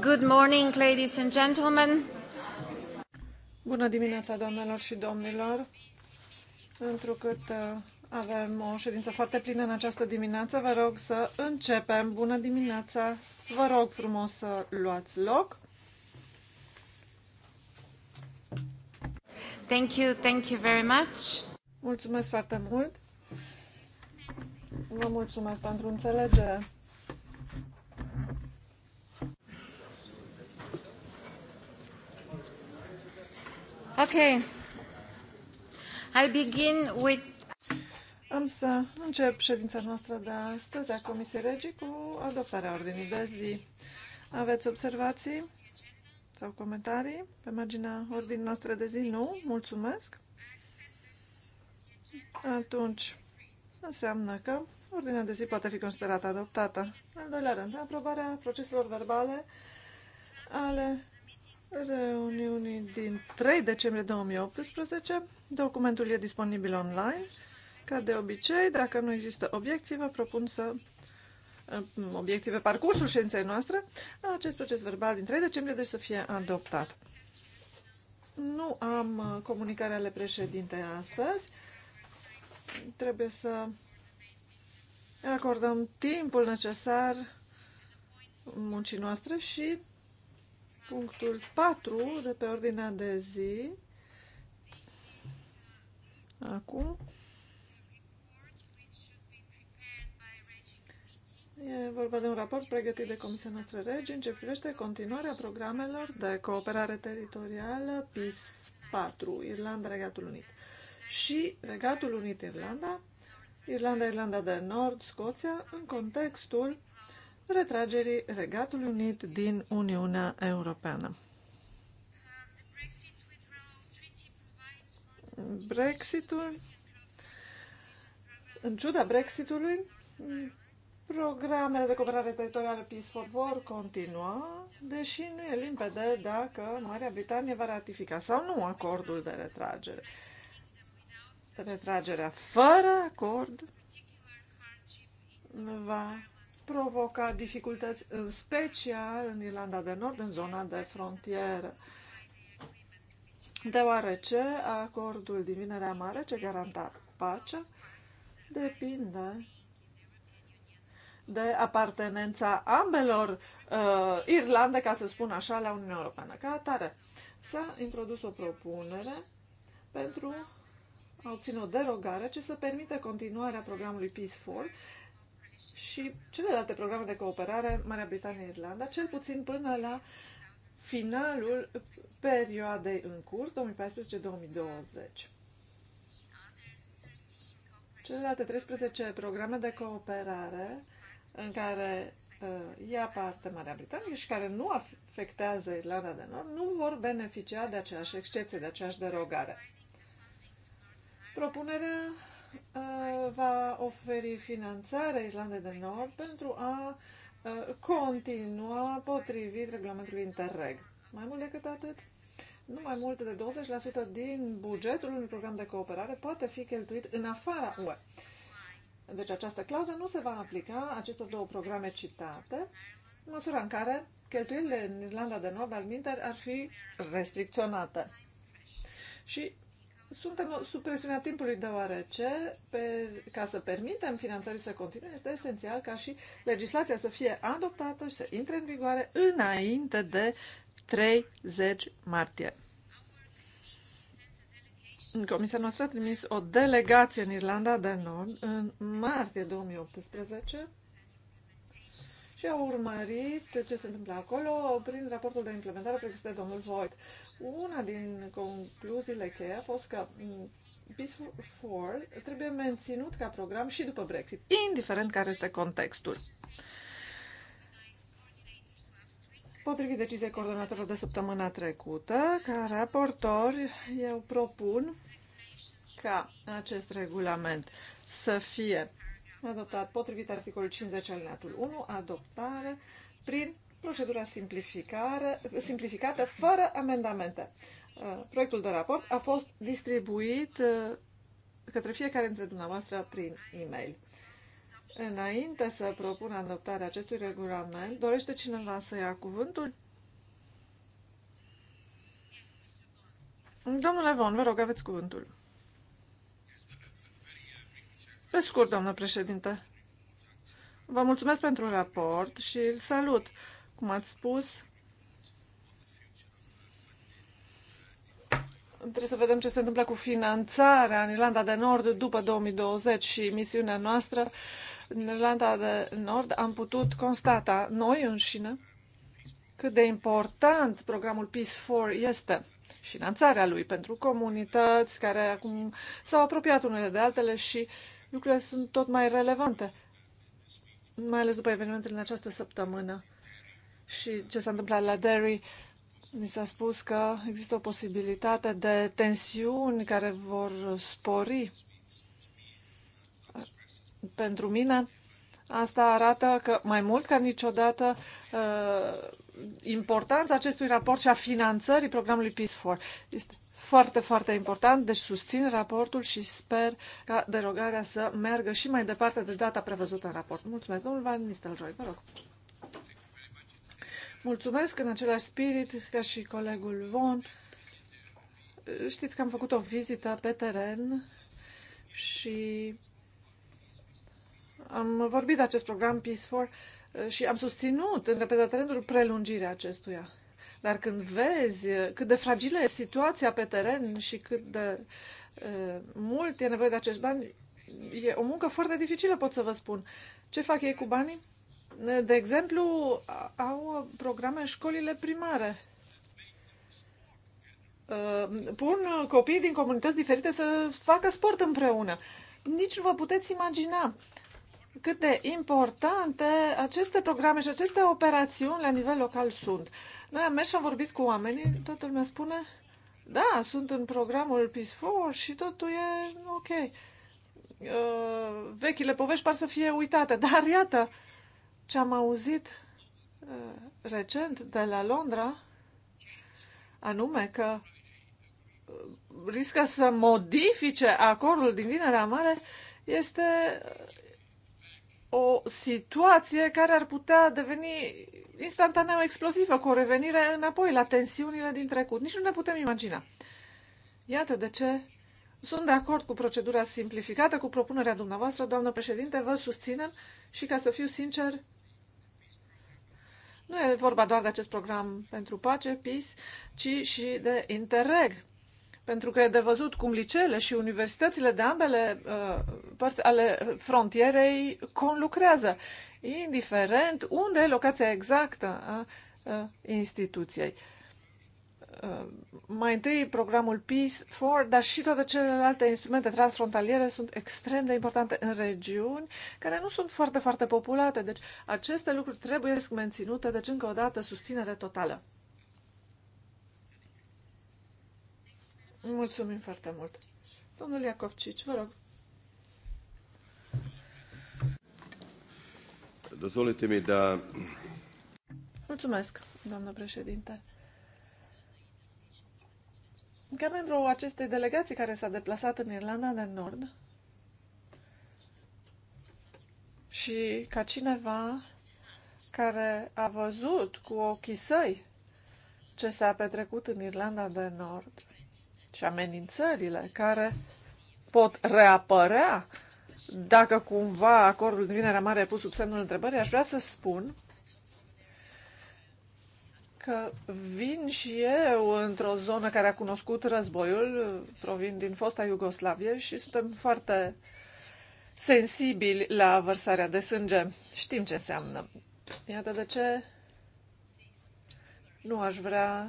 Good morning, ladies and gentlemen. Bună dimineața, doamnelor și domnilor. Întrucât uh, avem o ședință foarte plină în această dimineață, vă rog să începem. Bună dimineața. Vă rog frumos să luați loc. Thank you, thank you very much. Mulțumesc foarte mult. Vă mulțumesc pentru înțelegere. I begin with... Am să încep ședința noastră de astăzi a Comisiei Regii cu adoptarea ordinii de zi. Aveți observații sau comentarii pe marginea ordinii noastre de zi? Nu? Mulțumesc. Atunci, înseamnă că ordinea de zi poate fi considerată adoptată. În al doilea rând, aprobarea proceselor verbale ale reuniunii din 3 decembrie 2018. Documentul e disponibil online. Ca de obicei, dacă nu există obiecții, vă propun să uh, obiecții pe parcursul științei noastre, acest proces verbal din 3 decembrie deci să fie adoptat. Nu am uh, comunicarea ale președintei astăzi. Trebuie să acordăm timpul necesar muncii noastre și punctul 4 de pe ordinea de zi. Acum. E vorba de un raport pregătit de Comisia noastră Regi în ce privește continuarea programelor de cooperare teritorială PIS 4, Irlanda, Regatul Unit. Și Regatul Unit, Irlanda, Irlanda, Irlanda de Nord, Scoția, în contextul retragerii Regatului Unit din Uniunea Europeană. Brexitul, în ciuda Brexitului, programele de cooperare teritorială Peace for War continua, deși nu e limpede dacă Marea Britanie va ratifica sau nu acordul de retragere. Retragerea fără acord va provoca dificultăți în special în Irlanda de Nord, în zona de frontieră, deoarece acordul din Vinerea Mare, ce garanta pacea, depinde de apartenența ambelor uh, Irlande, ca să spun așa, la Uniunea Europeană. Ca atare, s-a introdus o propunere pentru a obține o derogare ce să permită continuarea programului Peace 4 și celelalte programe de cooperare, Marea Britanie-Irlanda, cel puțin până la finalul perioadei în curs, 2014-2020. Celelalte 13 programe de cooperare în care uh, ia parte Marea Britanie și care nu afectează Irlanda de Nord nu vor beneficia de aceeași excepție, de aceeași derogare. Propunerea Uh, va oferi finanțare Irlandei de Nord pentru a uh, continua potrivit regulamentului Interreg. Mai mult decât atât, nu mai mult de 20% din bugetul unui program de cooperare poate fi cheltuit în afara UE. Deci această clauză nu se va aplica acestor două programe citate, în măsura în care cheltuielile în Irlanda de Nord al minter ar fi restricționate. Și suntem sub presiunea timpului deoarece, pe, ca să permitem finanțării să continue, este esențial ca și legislația să fie adoptată și să intre în vigoare înainte de 30 martie. Comisia noastră a trimis o delegație în Irlanda de Nord în martie 2018 și au urmărit ce se întâmplă acolo prin raportul de implementare pregătit de domnul Voigt. Una din concluziile cheie a fost că mm, Peace for trebuie menținut ca program și după Brexit, indiferent care este contextul. Potrivit deciziei coordonatorilor de săptămâna trecută, ca raportor, eu propun ca acest regulament să fie adoptat potrivit articolul 50 al alineatul 1, adoptare prin procedura simplificată fără amendamente. Uh, proiectul de raport a fost distribuit uh, către fiecare dintre dumneavoastră prin e-mail. Înainte să propun adoptarea acestui regulament, dorește cineva să ia cuvântul? Domnule Von, vă rog, aveți cuvântul. Pe scurt, doamnă președinte, vă mulțumesc pentru raport și îl salut. Cum ați spus, trebuie să vedem ce se întâmplă cu finanțarea în Irlanda de Nord după 2020 și misiunea noastră în Irlanda de Nord am putut constata noi înșine cât de important programul Peace 4 este finanțarea lui pentru comunități care acum s-au apropiat unele de altele și uh, lucrurile sunt tot mai relevante, mai ales după evenimentele în această săptămână și ce s-a întâmplat la Derry. Mi s-a spus că există o posibilitate de tensiuni care vor spori. Pentru mine, asta arată că mai mult ca niciodată uh, importanța acestui raport și a finanțării programului Peace for este foarte, foarte important, deci susțin raportul și sper ca derogarea să meargă și mai departe de data prevăzută în raport. Mulțumesc, domnul Van Nistelrooy, vă rog. Mulțumesc în același spirit ca și colegul Von. Știți că am făcut o vizită pe teren și am vorbit de acest program Peace for și am susținut în repetate rânduri prelungirea acestuia. Dar când vezi cât de fragilă e situația pe teren și cât de mult e nevoie de acești bani, e o muncă foarte dificilă, pot să vă spun. Ce fac ei cu banii? De exemplu, au programe în școlile primare. Pun copiii din comunități diferite să facă sport împreună. Nici nu vă puteți imagina cât de importante aceste programe și aceste operațiuni la nivel local sunt. Noi am mers și am vorbit cu oamenii, toată lumea spune, da, sunt în programul Peace 4 și totul e ok. Uh, vechile povești par să fie uitate, dar iată ce am auzit uh, recent de la Londra, anume că uh, riscă să modifice acordul din Vinerea Mare, este o situație care ar putea deveni instantaneu explozivă, cu o revenire înapoi la tensiunile din trecut. Nici nu ne putem imagina. Iată de ce sunt de acord cu procedura simplificată, cu propunerea dumneavoastră, doamnă președinte, vă susținem și, ca să fiu sincer, nu e vorba doar de acest program pentru pace, PIS, ci și de Interreg, pentru că e de văzut cum liceele și universitățile de ambele uh, părți ale frontierei conlucrează, indiferent unde e locația exactă a uh, instituției. Uh, mai întâi programul Peace for, dar și toate celelalte instrumente transfrontaliere sunt extrem de importante în regiuni care nu sunt foarte, foarte populate. Deci aceste lucruri trebuie să menținute, deci încă o dată susținere totală. Mulțumim foarte mult. Domnul Iacovcici, vă rog. Dozvolite mi da... Mulțumesc, doamnă președinte. Ca membru acestei delegații care s-a deplasat în Irlanda de Nord și ca cineva care a văzut cu ochii săi ce s-a petrecut în Irlanda de Nord și amenințările care pot reapărea dacă cumva acordul de Vinerea Mare e pus sub semnul întrebării, aș vrea să spun că vin și eu într-o zonă care a cunoscut războiul, provin din fosta Iugoslavie și suntem foarte sensibili la vărsarea de sânge. Știm ce înseamnă. Iată de ce nu aș vrea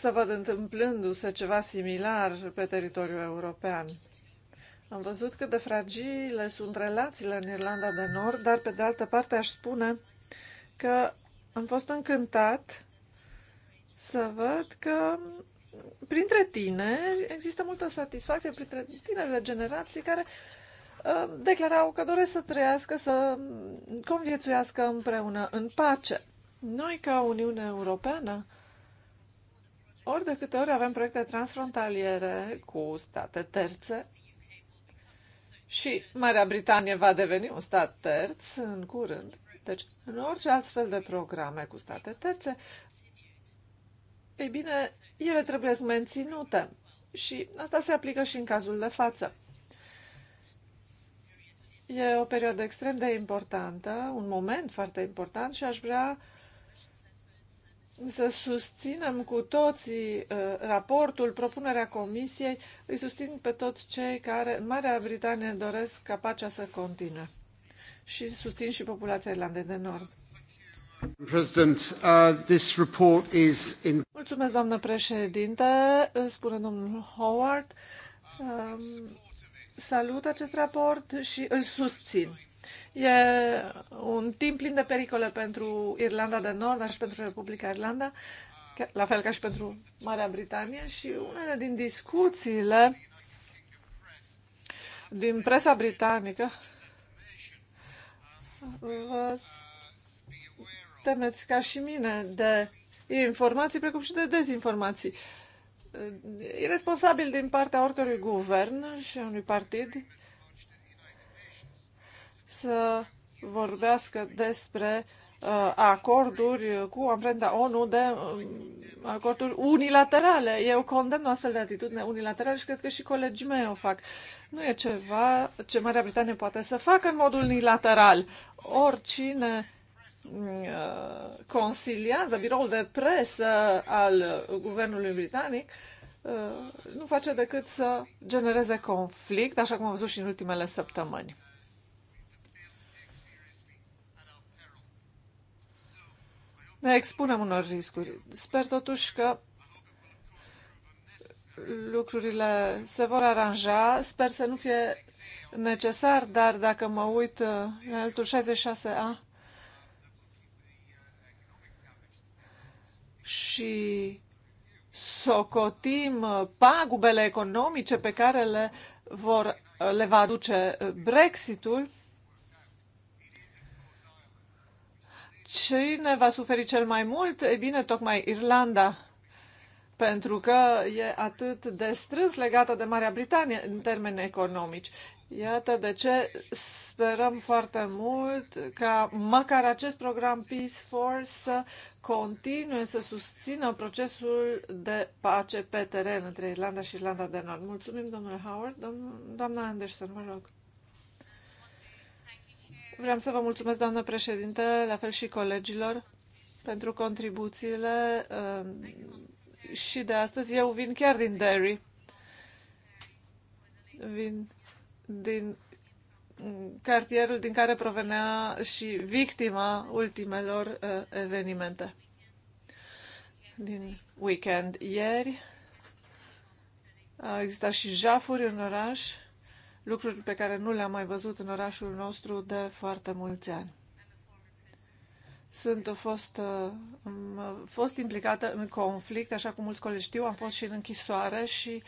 să văd întâmplându-se ceva similar pe teritoriul european. Am văzut cât de fragile sunt relațiile în Irlanda de Nord, dar pe de altă parte aș spune că am fost încântat să văd că printre tineri există multă satisfacție, printre tinerile generații care um, declarau că doresc să trăiască, să conviețuiască împreună în pace. Noi, ca Uniune Europeană, ori de câte ori avem proiecte transfrontaliere cu state terțe și Marea Britanie va deveni un stat terț în curând, deci în orice alt fel de programe cu state terțe, ei bine, ele trebuie menținute și asta se aplică și în cazul de față. E o perioadă extrem de importantă, un moment foarte important și aș vrea uh, să susținem cu toții uh, raportul, propunerea comisiei, îi susțin pe toți cei care în Marea Britanie doresc ca pacea să continue și susțin și populația Irlandei de Nord. President, uh, this report is in... Mulțumesc, doamnă președinte, uh, spune domnul Howard. Um, salut acest raport și îl susțin. E un timp plin de pericole pentru Irlanda de Nord, dar și pentru Republica Irlanda, la fel ca și pentru Marea Britanie și unele din discuțiile din presa britanică vă temeți ca și mine de informații precum și de dezinformații. Irresponsabil din partea oricărui guvern și unui partid să vorbească despre uh, acorduri cu amprenta ONU de uh, acorduri unilaterale. Eu condamn o astfel de atitudine unilaterală și cred că și colegii mei o fac. Nu e ceva ce Marea Britanie poate să facă în mod unilateral. Oricine uh, consiliază biroul de presă al guvernului britanic uh, nu face decât să genereze conflict, așa cum am văzut și în ultimele săptămâni. ne expunem unor riscuri. Sper totuși că lucrurile se vor aranja. Sper să nu fie necesar, dar dacă mă uit uh, în altul 66A și socotim uh, pagubele economice pe care le, vor, uh, le va aduce Brexitul, Cine va suferi cel mai mult? E bine, tocmai Irlanda, pentru că e atât de strâns legată de Marea Britanie în termeni economici. Iată de ce sperăm foarte mult ca măcar acest program Peace Force să continue să susțină procesul de pace pe teren între Irlanda și Irlanda de Nord. Mulțumim, domnule Howard. Doamna Anderson, vă mă rog. Vreau să vă mulțumesc, doamnă președinte, la fel și colegilor, pentru contribuțiile um, și de astăzi. Eu vin chiar din Derry. Vin din cartierul din care provenea și victima ultimelor uh, evenimente din weekend. Ieri au existat și jafuri în oraș lucruri pe care nu le-am mai văzut în orașul nostru de foarte mulți ani. Sunt fost, fost implicată în conflict, așa cum mulți colegi știu, am fost și în închisoare și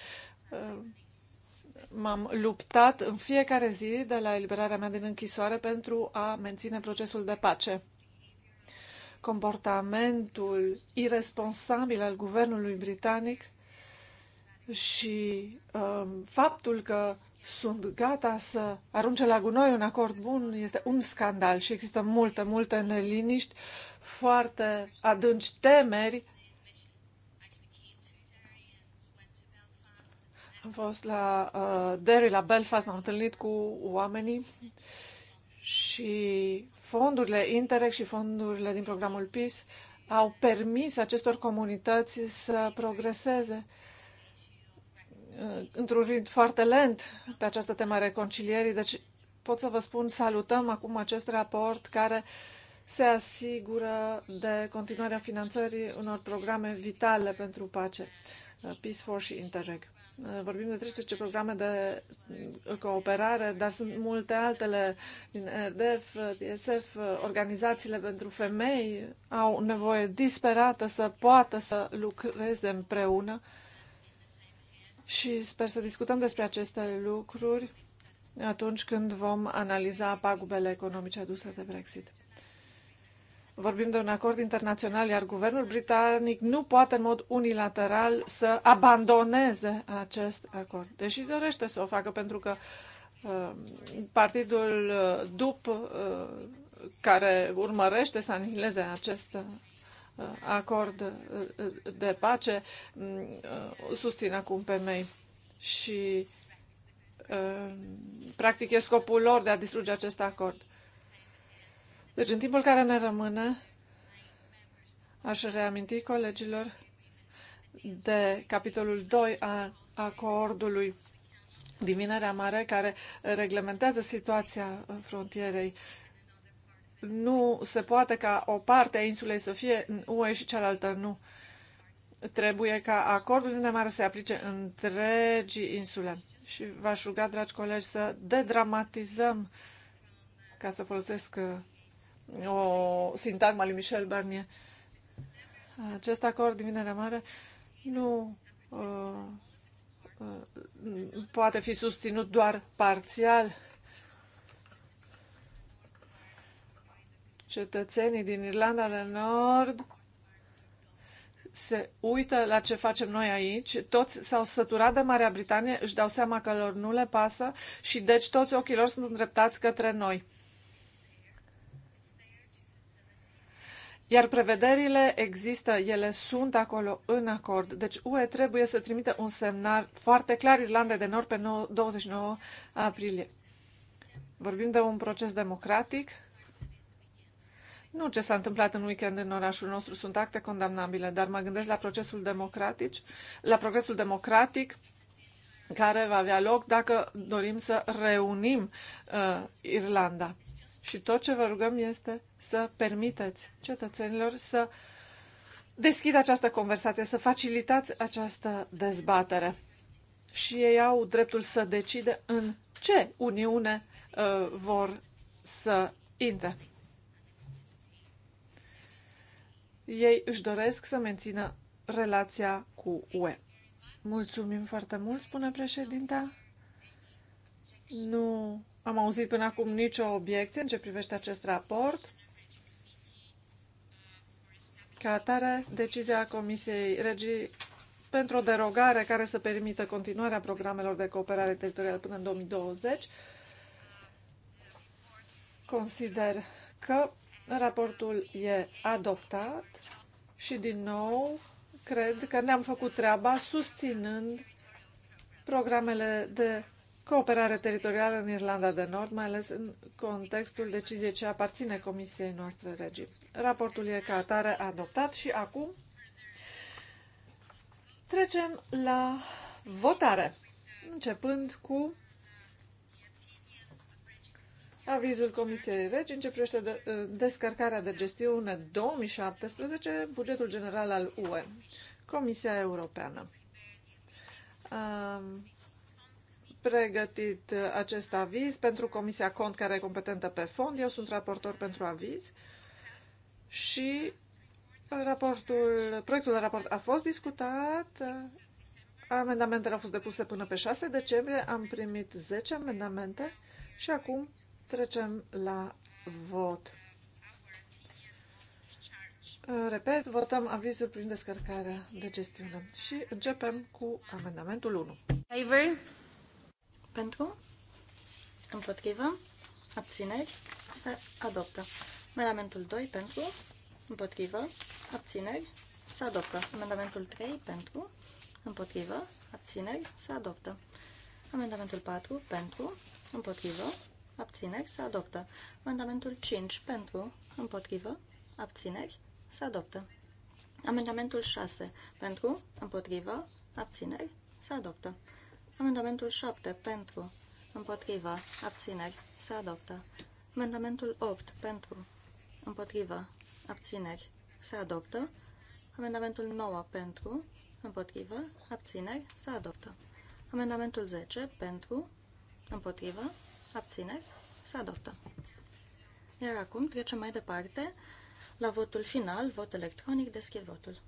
m-am luptat în fiecare zi de la eliberarea mea din închisoare pentru a menține procesul de pace. Comportamentul irresponsabil al guvernului britanic și um, faptul că sunt gata să arunce la gunoi un acord bun este un scandal și există multe, multe neliniști, foarte adânci temeri. Am fost la uh, Derry, la Belfast, m-am întâlnit cu oamenii și fondurile Interreg și fondurile din programul PIS au permis acestor comunități să progreseze. Uh, Uh, într-un ritm foarte lent pe această temă a reconcilierii, deci pot să vă spun, salutăm acum acest raport care se asigură de continuarea finanțării unor programe vitale pentru pace, uh, Peace for și Interreg. Uh, vorbim de 13 programe de cooperare, dar sunt multe altele din RDF, DSF, organizațiile pentru femei au nevoie disperată să poată să lucreze împreună și sper să discutăm despre aceste lucruri atunci când vom analiza pagubele economice aduse de Brexit. Vorbim de un acord internațional, iar guvernul britanic nu poate în mod unilateral să abandoneze acest acord, deși dorește să o facă pentru că uh, partidul uh, DUP uh, care urmărește să anihileze acest acord uh, uh, de pace mm, uh, susțin acum pe mei și practic e scopul lor de a distruge acest acord. Deci în timpul care ne rămâne aș reaminti colegilor de capitolul 2 a acordului din Vinerea Mare, care reglementează situația frontierei nu se poate ca o parte a insulei să fie în UE și cealaltă nu. Trebuie ca acordul din mare să se aplice întregii insule. Și v-aș ruga, dragi colegi, să dedramatizăm, ca să folosesc uh, o sintagma lui Michel Barnier. Acest acord din Vinerea Mare nu uh, uh, poate fi susținut doar parțial cetățenii din Irlanda de Nord se uită la ce facem noi aici, toți s-au săturat de Marea Britanie, își dau seama că lor nu le pasă și deci toți ochii lor sunt îndreptați către noi. Iar prevederile există, ele sunt acolo în acord. Deci UE trebuie să trimite un semnal foarte clar Irlandei de Nord pe 29 aprilie. Vorbim de un proces democratic nu ce s-a întâmplat în weekend în orașul nostru sunt acte condamnabile, dar mă gândesc la procesul democratic, la progresul democratic care va avea loc dacă dorim să reunim uh, Irlanda. Și tot ce vă rugăm este să permiteți cetățenilor să deschidă această conversație, să facilitați această dezbatere. Și ei au dreptul să decide în ce Uniune uh, vor să intre. ei își doresc să mențină relația cu UE. Mulțumim foarte mult, spune președinta. Nu am auzit până acum nicio obiecție în ce privește acest raport. Ca atare, decizia Comisiei Regii pentru o derogare care să permită continuarea programelor de cooperare teritorială până în 2020, consider că Raportul e adoptat și, din nou, cred că ne-am făcut treaba susținând programele de cooperare teritorială în Irlanda de Nord, mai ales în contextul deciziei ce aparține Comisiei noastre regii. Raportul e ca atare adoptat și acum trecem la votare, începând cu Avizul Comisiei Regi începește de, uh, descărcarea de gestiune 2017, bugetul general al UE, Comisia Europeană. Am pregătit acest aviz pentru Comisia Cont, care e competentă pe fond. Eu sunt raportor pentru aviz și raportul, proiectul de raport a fost discutat Amendamentele au fost depuse până pe 6 decembrie, am primit 10 amendamente și acum Trecem la vot. Repet, votăm avizul prin descărcarea de gestiune și începem cu amendamentul 1. Favor? Pentru? Împotrivă? Abțineri? Se adoptă. Amendamentul 2 pentru? Împotrivă? Abțineri? Se adoptă. Amendamentul 3 pentru? Împotrivă? Abțineri? Se adoptă. Amendamentul 4 pentru? Împotrivă? abțineri, se adoptă. Amendamentul 5 pentru, împotrivă, abțineri, se adoptă. Amendamentul 6 pentru, împotrivă, abțineri, se adoptă. Amendamentul 7 pentru, împotrivă, abțineri, se adoptă. Amendamentul 8 pentru, împotrivă, abțineri, se adoptă. Amendamentul 9 pentru, împotrivă, abțineri, se adoptă. Amendamentul 10 pentru, împotrivă, abțineri, se adoptă. Iar acum trecem mai departe la votul final, vot electronic, deschid votul.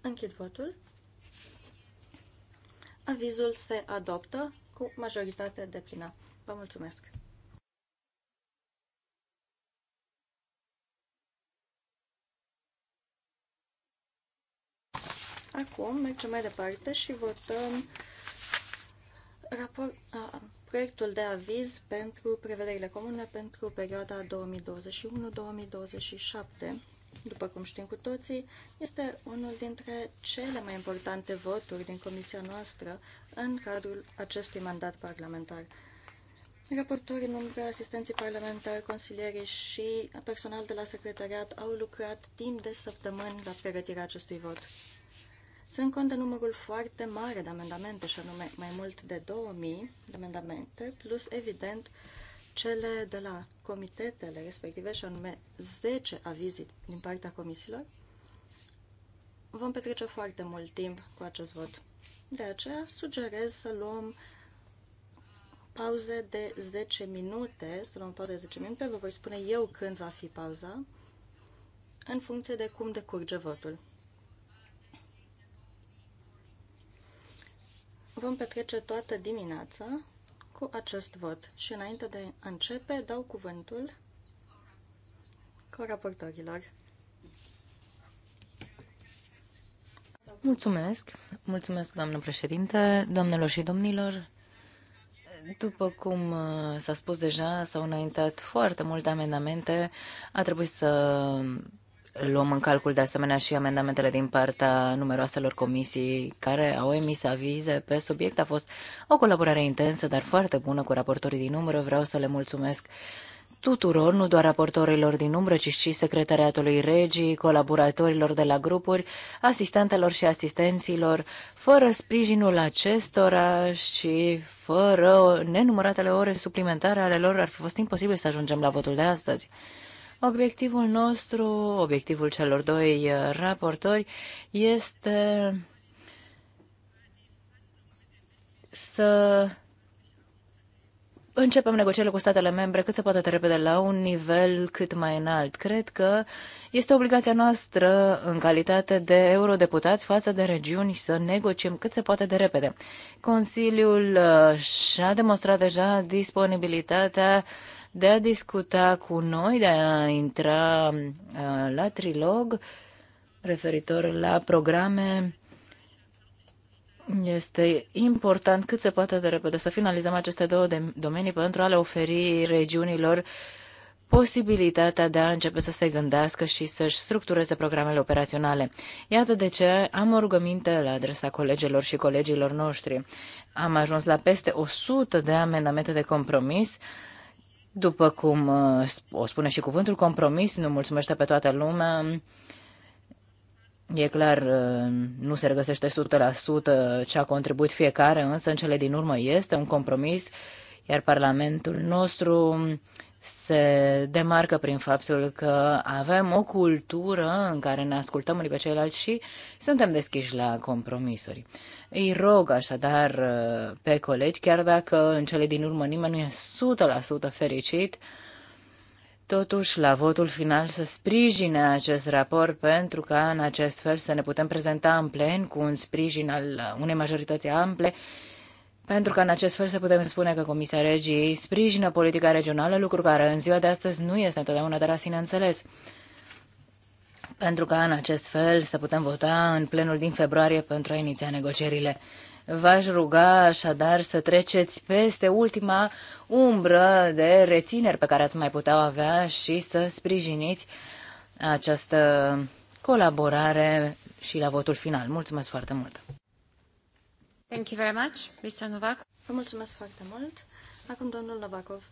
Închid votul. Avizul se adoptă cu majoritate de plină. Vă mulțumesc! Acum mergem mai departe și votăm raport, a, proiectul de aviz pentru prevederile comune pentru perioada 2021-2027. După cum știm cu toții, este unul dintre cele mai importante voturi din comisia noastră în cadrul acestui mandat parlamentar. Raportorii numără asistenții parlamentari, consilierii și personal de la secretariat au lucrat timp de săptămâni la pregătirea acestui vot țin cont de numărul foarte mare de amendamente, și anume mai mult de 2000 de amendamente, plus, evident, cele de la comitetele respective, și anume 10 avizii din partea comisiilor, vom petrece foarte mult timp cu acest vot. De aceea, sugerez să luăm pauze de 10 minute, să luăm pauze de 10 minute, vă voi spune eu când va fi pauza, în funcție de cum decurge votul. vom petrece toată dimineața cu acest vot. Și înainte de a începe, dau cuvântul coraportorilor. Mulțumesc, mulțumesc, doamnă președinte, doamnelor și domnilor. După cum uh, s-a spus deja, s-au înaintat foarte multe amendamente. A trebuit să luăm în calcul de asemenea și amendamentele din partea numeroaselor comisii care au emis avize pe subiect. A fost o colaborare intensă, dar foarte bună cu raportorii din umbră. Vreau să le mulțumesc tuturor, nu doar raportorilor din umbră, ci și secretariatului regii, colaboratorilor de la grupuri, asistentelor și asistenților, fără sprijinul acestora și fără nenumăratele ore suplimentare ale lor, ar fi fost imposibil să ajungem la votul de astăzi. Obiectivul nostru, obiectivul celor doi uh, raportori, este să începem negocierile cu statele membre cât se poate de repede la un nivel cât mai înalt. Cred că este obligația noastră, în calitate de eurodeputați față de regiuni, să negociem cât se poate de repede. Consiliul uh, și-a demonstrat deja disponibilitatea de a discuta cu noi, de a intra uh, la trilog referitor la programe. Este important cât se poate de repede să finalizăm aceste două domenii pentru a le oferi regiunilor posibilitatea de a începe să se gândească și să-și structureze programele operaționale. Iată de ce am o rugăminte la adresa colegilor și colegilor noștri. Am ajuns la peste 100 de amendamente de compromis după cum uh, o spune și cuvântul compromis, nu mulțumește pe toată lumea. E clar, uh, nu se regăsește 100% ce a contribuit fiecare, însă în cele din urmă este un compromis, iar Parlamentul nostru se demarcă prin faptul că avem o cultură în care ne ascultăm unii pe ceilalți și suntem deschiși la compromisuri. Îi rog așadar uh, pe colegi, chiar dacă în cele din urmă nimeni nu e 100% fericit, totuși la votul final să sprijine acest raport pentru ca în acest fel să ne putem prezenta în plen cu un sprijin al uh, unei majorități ample pentru că în acest fel să putem spune că Comisia Regii sprijină politica regională, lucru care în ziua de astăzi nu este întotdeauna de la sine înțeles. Pentru că în acest fel să putem vota în plenul din februarie pentru a iniția negocierile. V-aș ruga așadar să treceți peste ultima umbră de rețineri pe care ați mai putea avea și să sprijiniți această colaborare și la votul final. Mulțumesc foarte mult! Thank you very much, Mr. Novak. Vă mulțumesc foarte mult. Acum domnul Novakov.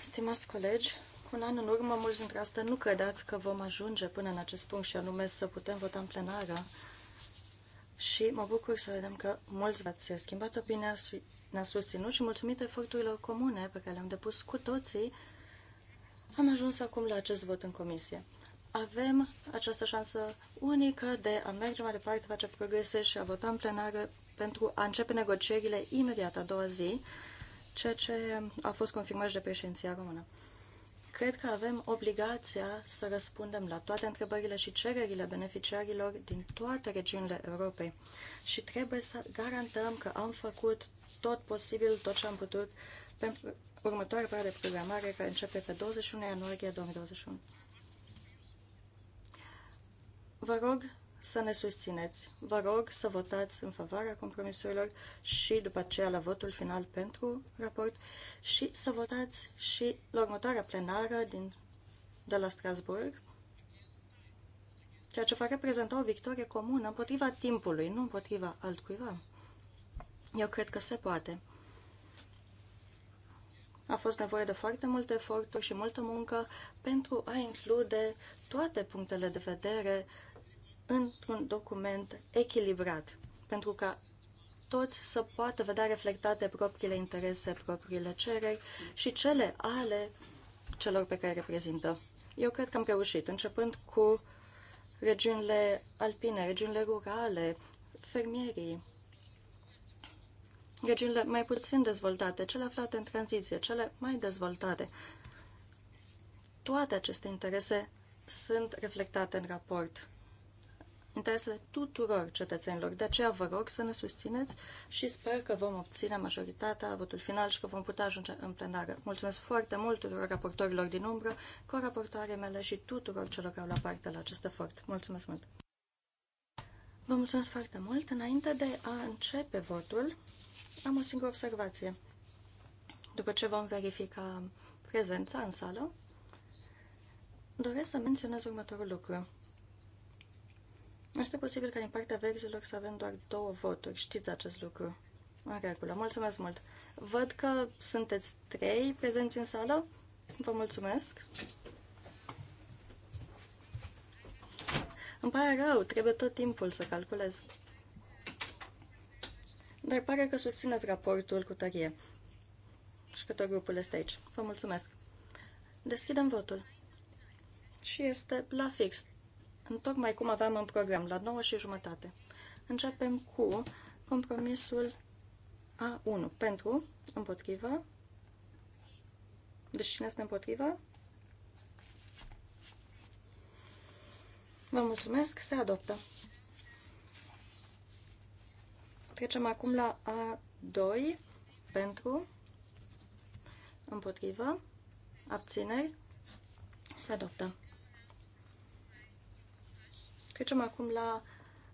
Stimați colegi, cu un an în urmă, mulți dintre asta nu credeți că vom ajunge până în acest punct și anume să putem vota în plenară. Și mă bucur să vedem că mulți v-ați schimbat opinia, ne-a susținut și mulțumit eforturilor comune pe care le-am depus cu toții, am ajuns acum la acest vot în comisie avem această șansă unică de a merge mai departe, face progrese și a vota în plenară pentru a începe negocierile imediat a doua zi, ceea ce a fost confirmat și de președinția română. Cred că avem obligația să răspundem la toate întrebările și cererile beneficiarilor din toate regiunile Europei și trebuie să garantăm că am făcut tot posibil, tot ce am putut pentru următoarea perioadă de programare care începe pe 21 ianuarie 2021. Vă rog să ne susțineți. Vă rog să votați în favoarea compromisurilor și după aceea la votul final pentru raport și să votați și la următoarea plenară din, de la Strasburg, ceea ce va reprezenta o victorie comună împotriva timpului, nu împotriva altcuiva. Eu cred că se poate. A fost nevoie de foarte multe eforturi și multă muncă pentru a include toate punctele de vedere într-un document echilibrat, pentru ca toți să poată vedea reflectate propriile interese, propriile cereri și cele ale celor pe care reprezintă. Eu cred că am reușit, începând cu regiunile alpine, regiunile rurale, fermierii, regiunile mai puțin dezvoltate, cele aflate în tranziție, cele mai dezvoltate. Toate aceste interese sunt reflectate în raport interesele tuturor cetățenilor. De aceea vă rog să ne susțineți și sper că vom obține majoritatea, votul final și că vom putea ajunge în plenară. Mulțumesc foarte mult tuturor raportorilor din umbră, coraportoare mele și tuturor celor care au luat parte la acest efort. Mulțumesc mult! Vă mulțumesc foarte mult! Înainte de a începe votul, am o singură observație. După ce vom verifica prezența în sală, doresc să menționez următorul lucru. Este posibil ca din partea verzilor să avem doar două voturi. Știți acest lucru. În regulă. Mulțumesc mult. Văd că sunteți trei prezenți în sală. Vă mulțumesc. Îmi pare rău, trebuie tot timpul să calculez. Dar pare că susțineți raportul cu tărie. Și că tot grupul este aici. Vă mulțumesc. Deschidem votul. Și este la fix tocmai cum aveam în program, la 9 și jumătate. Începem cu compromisul A1 pentru, împotriva. Deci cine este împotriva? Vă mulțumesc, se adoptă. Trecem acum la A2 pentru, împotriva, abțineri, se adoptă. Trecem acum la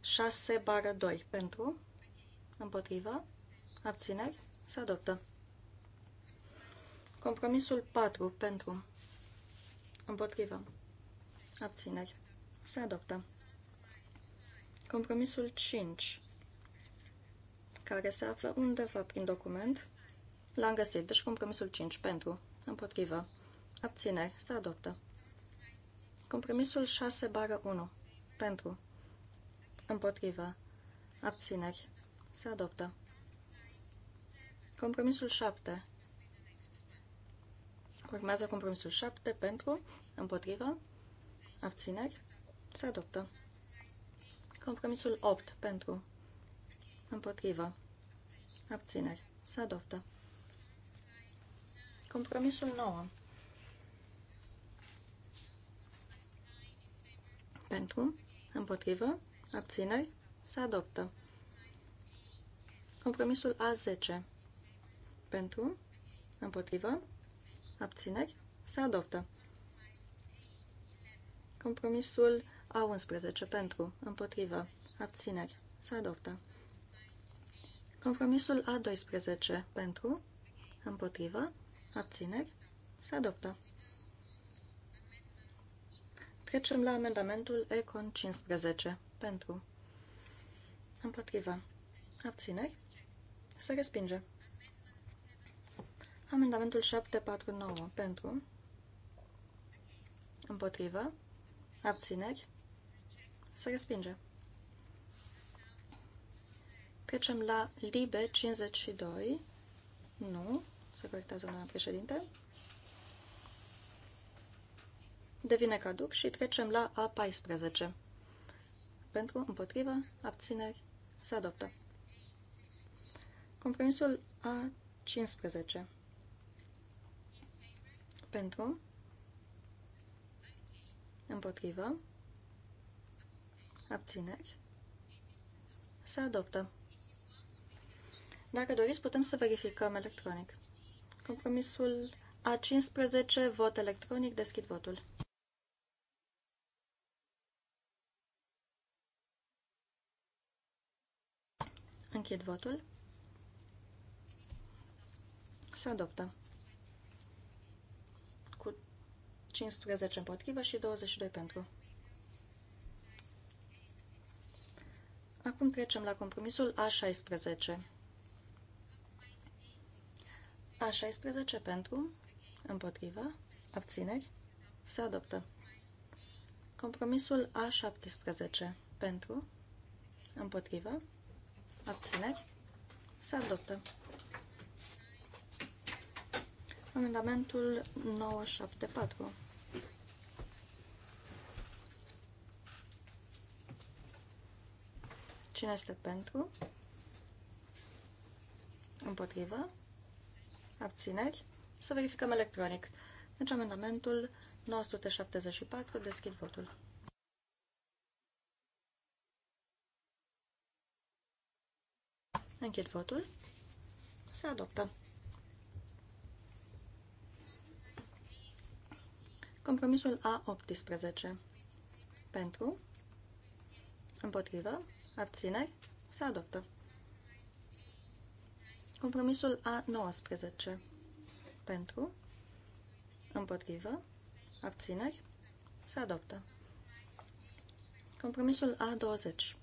6 bară 2 pentru, împotriva, abțineri, se adoptă. Compromisul 4 pentru, împotriva, abțineri, se adoptă. Compromisul 5, care se află undeva prin document, l-am găsit, deci compromisul 5 pentru, împotriva, abțineri, se adoptă. Compromisul 6 bară 1 pentru. Împotrivă. Abțineri. Se adoptă. Compromisul 7. Urmează compromisul 7 pentru, împotrivă, abțineri, se adoptă. Compromisul 8 pentru, împotrivă, abțineri, se adoptă. Compromisul 9 pentru, Împotrivă. Abțineri. Se adoptă. Compromisul A10. Pentru. Împotrivă. Abțineri. Se adoptă. Compromisul A11. Pentru. Împotrivă. Abțineri. Se adoptă. Compromisul A12. Pentru. Împotrivă. Abțineri. Se adoptă. Trecem la amendamentul Econ 15. Pentru. Împotriva. Abțineri. Se respinge. Amendamentul 749. Pentru. împotriva Abțineri. Se respinge. Trecem la LIBE 52. Nu. Se corectează doamna președinte devine caduc și trecem la A14. Pentru, împotrivă, abțineri, se adoptă. Compromisul A15. Pentru, împotrivă, abțineri, se adoptă. Dacă doriți, putem să verificăm electronic. Compromisul A15, vot electronic, deschid votul. Închid votul. Se adoptă. Cu 15 împotrivă și 22 pentru. Acum trecem la compromisul A16. A16 pentru, împotrivă, abțineri, se adoptă. Compromisul A17 pentru, împotrivă, abțineri, se adoptă. Amendamentul 974. Cine este pentru? Împotrivă? Abțineri? Să verificăm electronic. Deci amendamentul 974, deschid votul. Închid votul. Se adoptă. Compromisul A18. Pentru, împotrivă, abțineri, se adoptă. Compromisul A19. Pentru, împotrivă, abțineri, se adoptă. Compromisul A20.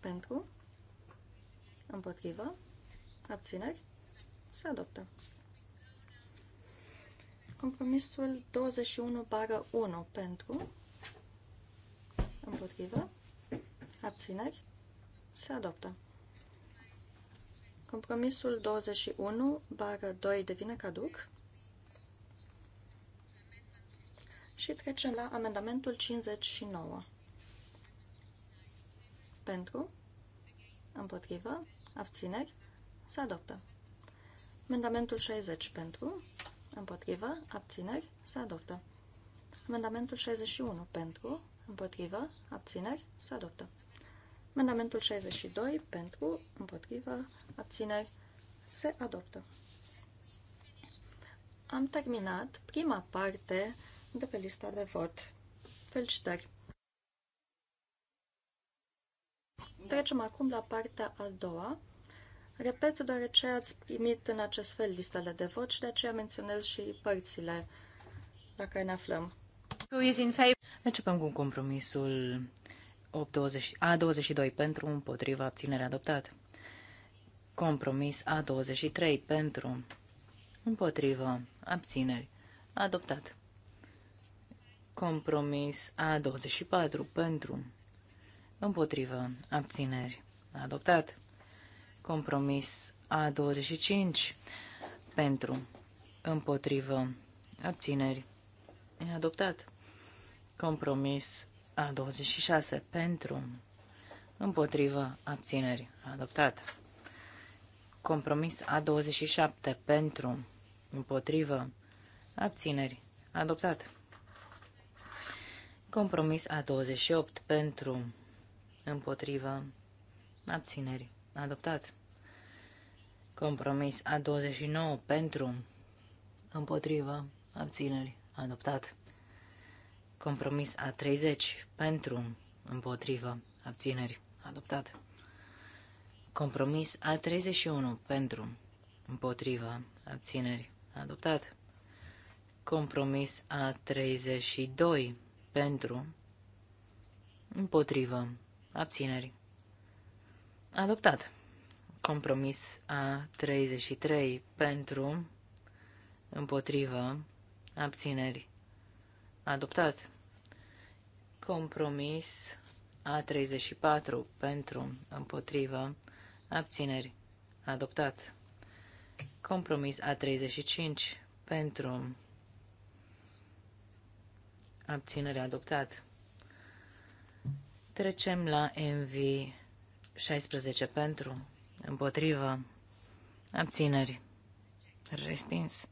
Pentru, Împotrivă. Abțineri. Se adoptă. Compromisul 21 bară 1 pentru. Împotrivă. Abțineri. Se adoptă. Compromisul 21 bară 2 devine caduc. Și trecem la amendamentul 59. Pentru, împotrivă, abțineri, se adoptă. Amendamentul 60 pentru, împotrivă, abțineri, se adoptă. Amendamentul 61 pentru, împotrivă, abțineri, se adoptă. Amendamentul 62 pentru, împotrivă, abțineri, se adoptă. Am terminat prima parte de pe lista de vot. Felicitări! Trecem acum la partea a doua. Repet, deoarece ați primit în acest fel listele de vot și de aceea menționez și părțile la care ne aflăm. Începem cu compromisul 8, 20, A22 pentru împotriva abținere adoptat. Compromis A23 pentru împotriva abțineri adoptat. Compromis A24 pentru împotrivă, abțineri, adoptat. Compromis A25, pentru, împotrivă, abțineri, adoptat. Compromis A26, pentru, împotrivă, abțineri, adoptat. Compromis A27, pentru, împotrivă, abțineri, adoptat. Compromis A28 pentru împotrivă, abțineri, adoptat. Compromis A29 pentru, împotrivă, abțineri, adoptat. Compromis A30 pentru, împotrivă, abțineri, adoptat. Compromis A31 pentru, împotrivă, abțineri, adoptat. Compromis A32 pentru, împotrivă, Abțineri. Adoptat. Compromis A33 pentru, împotrivă, abțineri. Adoptat. Compromis A34 pentru, împotrivă, abțineri. Adoptat. Compromis A35 pentru, abținere adoptat. Trecem la MV 16 pentru, împotrivă, abțineri, respins.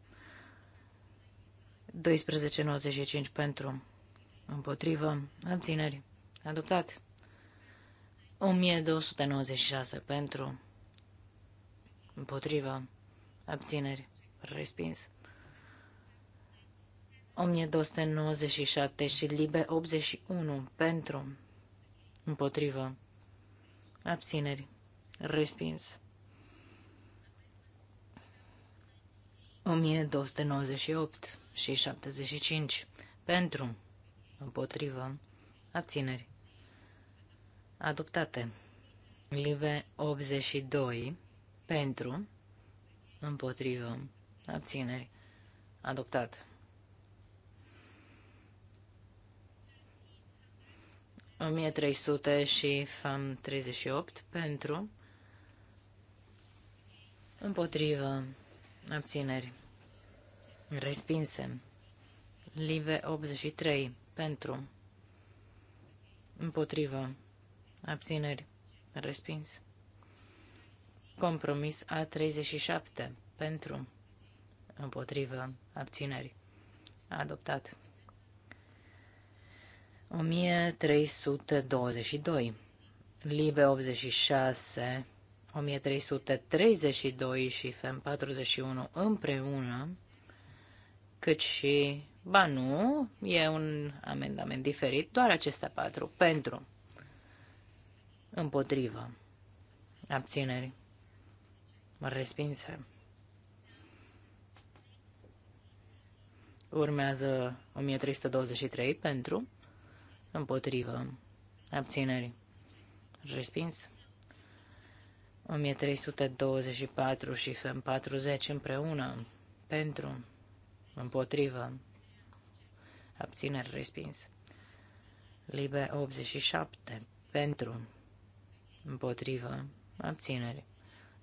12.95 pentru, împotrivă, abțineri, adoptat. 1296 pentru, împotrivă, abțineri, respins. 1297 și libe 81 pentru, Împotrivă. Abțineri. Respins. 1298 și 75. Pentru. Împotrivă. Abțineri. Adoptate. Live 82. Pentru. Împotrivă. Abțineri. Adoptat. 1300 și 38 pentru, împotrivă, abțineri, respinse, live 83 pentru, împotrivă, abțineri, respins, compromis A37 pentru, împotrivă, abțineri, adoptat. 1322, Libe 86, 1332 și FEM 41 împreună, cât și, ba nu, e un amendament diferit, doar acestea patru, pentru, împotrivă, abțineri, respinse. Urmează 1323 pentru, împotrivă, abținerii. respins. 1324 și FEM 40 împreună, pentru, împotrivă, abțineri, respins. Libe 87, pentru, împotrivă, abțineri,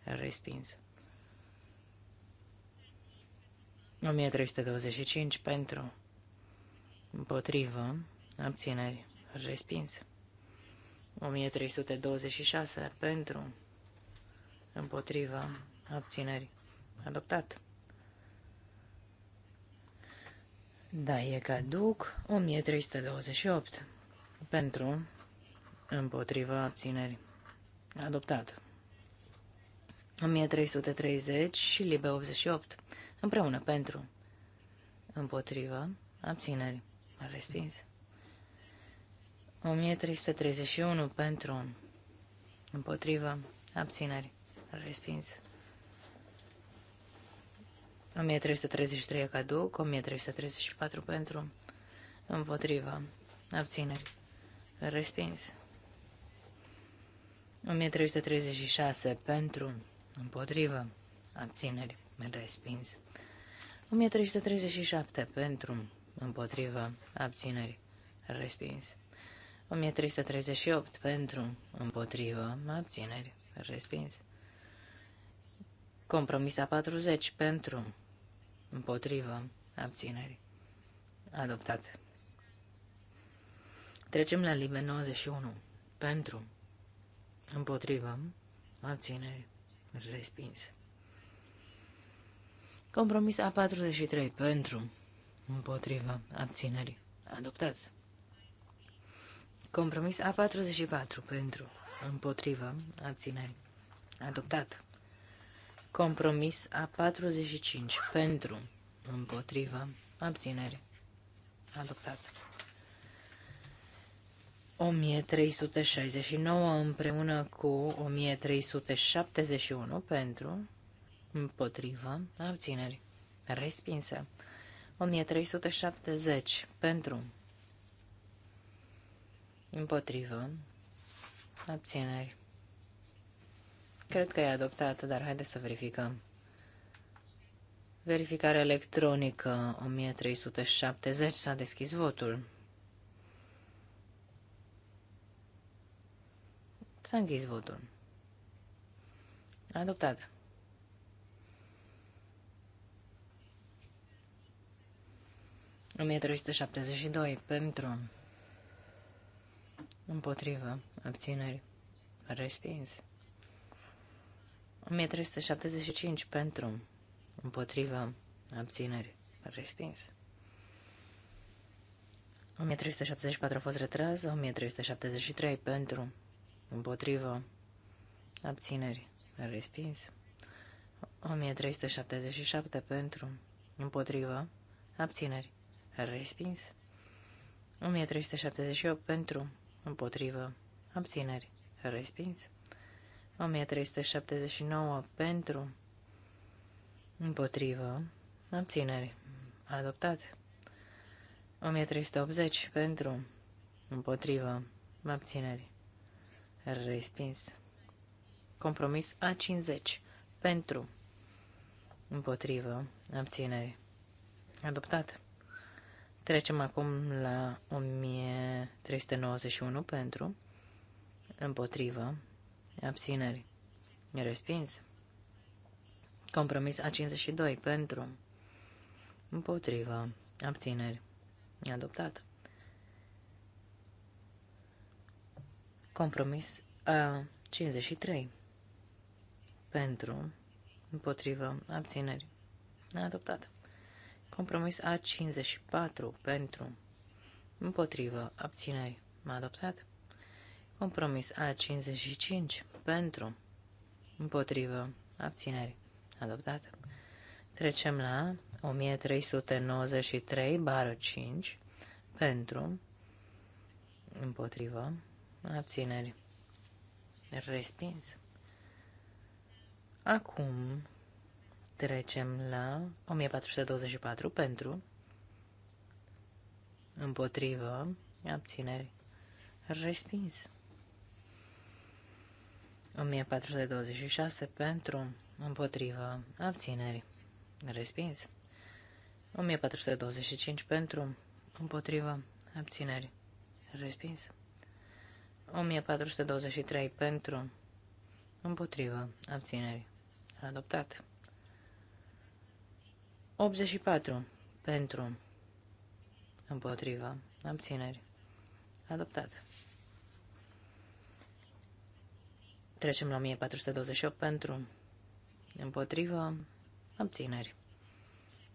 respins. 1325 pentru, împotrivă, abțineri, respins. 1326 pentru, Împotrivă. abțineri, adoptat. Da, e caduc 1328 pentru, Împotrivă. abțineri, adoptat. 1330 și Libe 88, împreună pentru, Împotrivă. abțineri, respins. 1331 pentru împotrivă abțineri respins. 1333 caduc, 1334 pentru împotrivă abțineri respins. 1336 pentru împotrivă abțineri respins. 1337 pentru împotrivă abțineri respins. 1338 pentru, împotrivă, abțineri, respins. Compromisa 40 pentru, împotrivă, abțineri, adoptat. Trecem la libe 91 pentru, împotrivă, abțineri, respins. Compromisa 43 pentru, împotrivă, abțineri, adoptat. Compromis A44 pentru, împotrivă, abțineri, adoptat. Compromis A45 pentru, împotrivă, abțineri, adoptat. 1369 împreună cu 1371 pentru, împotrivă, abțineri, respinsă. 1370 pentru, Împotrivă. Abțineri. Cred că e adoptată, dar haideți să verificăm. Verificare electronică 1370 s-a deschis votul. S-a închis votul. Adoptat. În 1372 pentru Împotrivă. Abțineri. Respins. 1375 pentru. Împotrivă. Abțineri. Respins. 1374 a fost retras, 1373 pentru, împotrivă, abțineri, respins. 1377 pentru, împotrivă, abțineri, respins. 1378 pentru, împotrivă, abțineri, respins. 1379 pentru, împotrivă, abțineri, adoptat. 1380 pentru, împotrivă, abțineri, respins. Compromis A50 pentru, împotrivă, abțineri, adoptat. Trecem acum la 1391 pentru, împotrivă, abțineri, respins. Compromis A52 pentru, împotrivă, abțineri, adoptat. Compromis A53 pentru, împotrivă, abțineri, adoptat. Compromis A54 pentru. Împotrivă. Abțineri. M-a adoptat. Compromis A55 pentru. Împotrivă. Abțineri. Adoptat. Trecem la 1393 bară 5 pentru. Împotrivă. Abțineri. Respins. Acum Trecem la 1424 pentru, împotrivă, abțineri, respins. 1426 pentru, împotrivă, abțineri, respins. 1425 pentru, împotrivă, abțineri, respins. 1423 pentru, împotrivă, abțineri, adoptat. 84. Pentru. Împotrivă. Abțineri. Adoptat. Trecem la 1428 pentru. Împotrivă. Abțineri.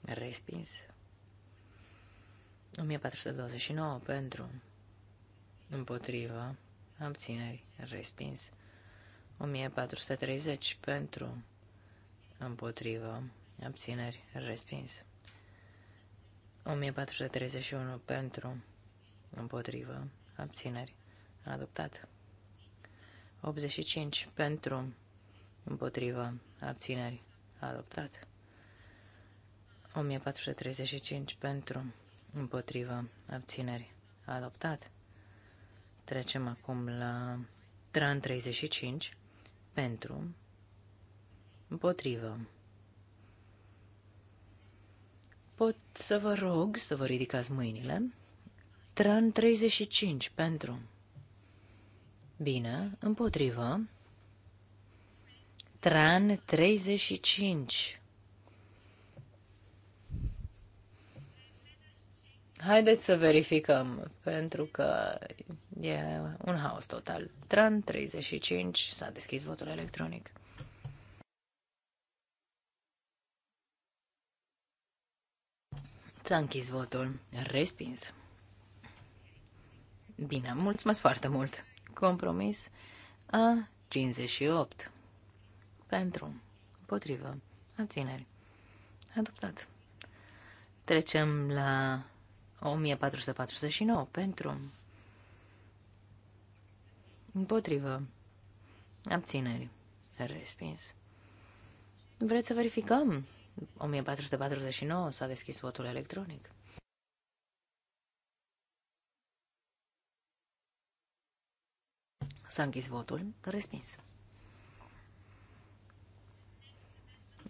Respins. 1429 pentru. Împotrivă. Abțineri. Respins. 1430 pentru. Împotrivă abțineri, respins. 1431 pentru, împotrivă, abțineri, adoptat. 85 pentru, împotrivă, abțineri, adoptat. 1435 pentru, împotrivă, abțineri, adoptat. Trecem acum la tran 35 pentru, împotrivă, pot să vă rog să vă ridicați mâinile. Tran 35 pentru. Bine, împotrivă. Tran 35. Haideți să verificăm, pentru că e un haos total. Tran 35, s-a deschis votul electronic. S-a închis votul. Respins. Bine, mulțumesc foarte mult. Compromis a 58. Pentru. Împotrivă. Abțineri. Adoptat. Trecem la 1449. Pentru. Împotrivă. Abțineri. Respins. Vreți să verificăm? 1449 s-a deschis votul electronic. S-a închis votul, respins.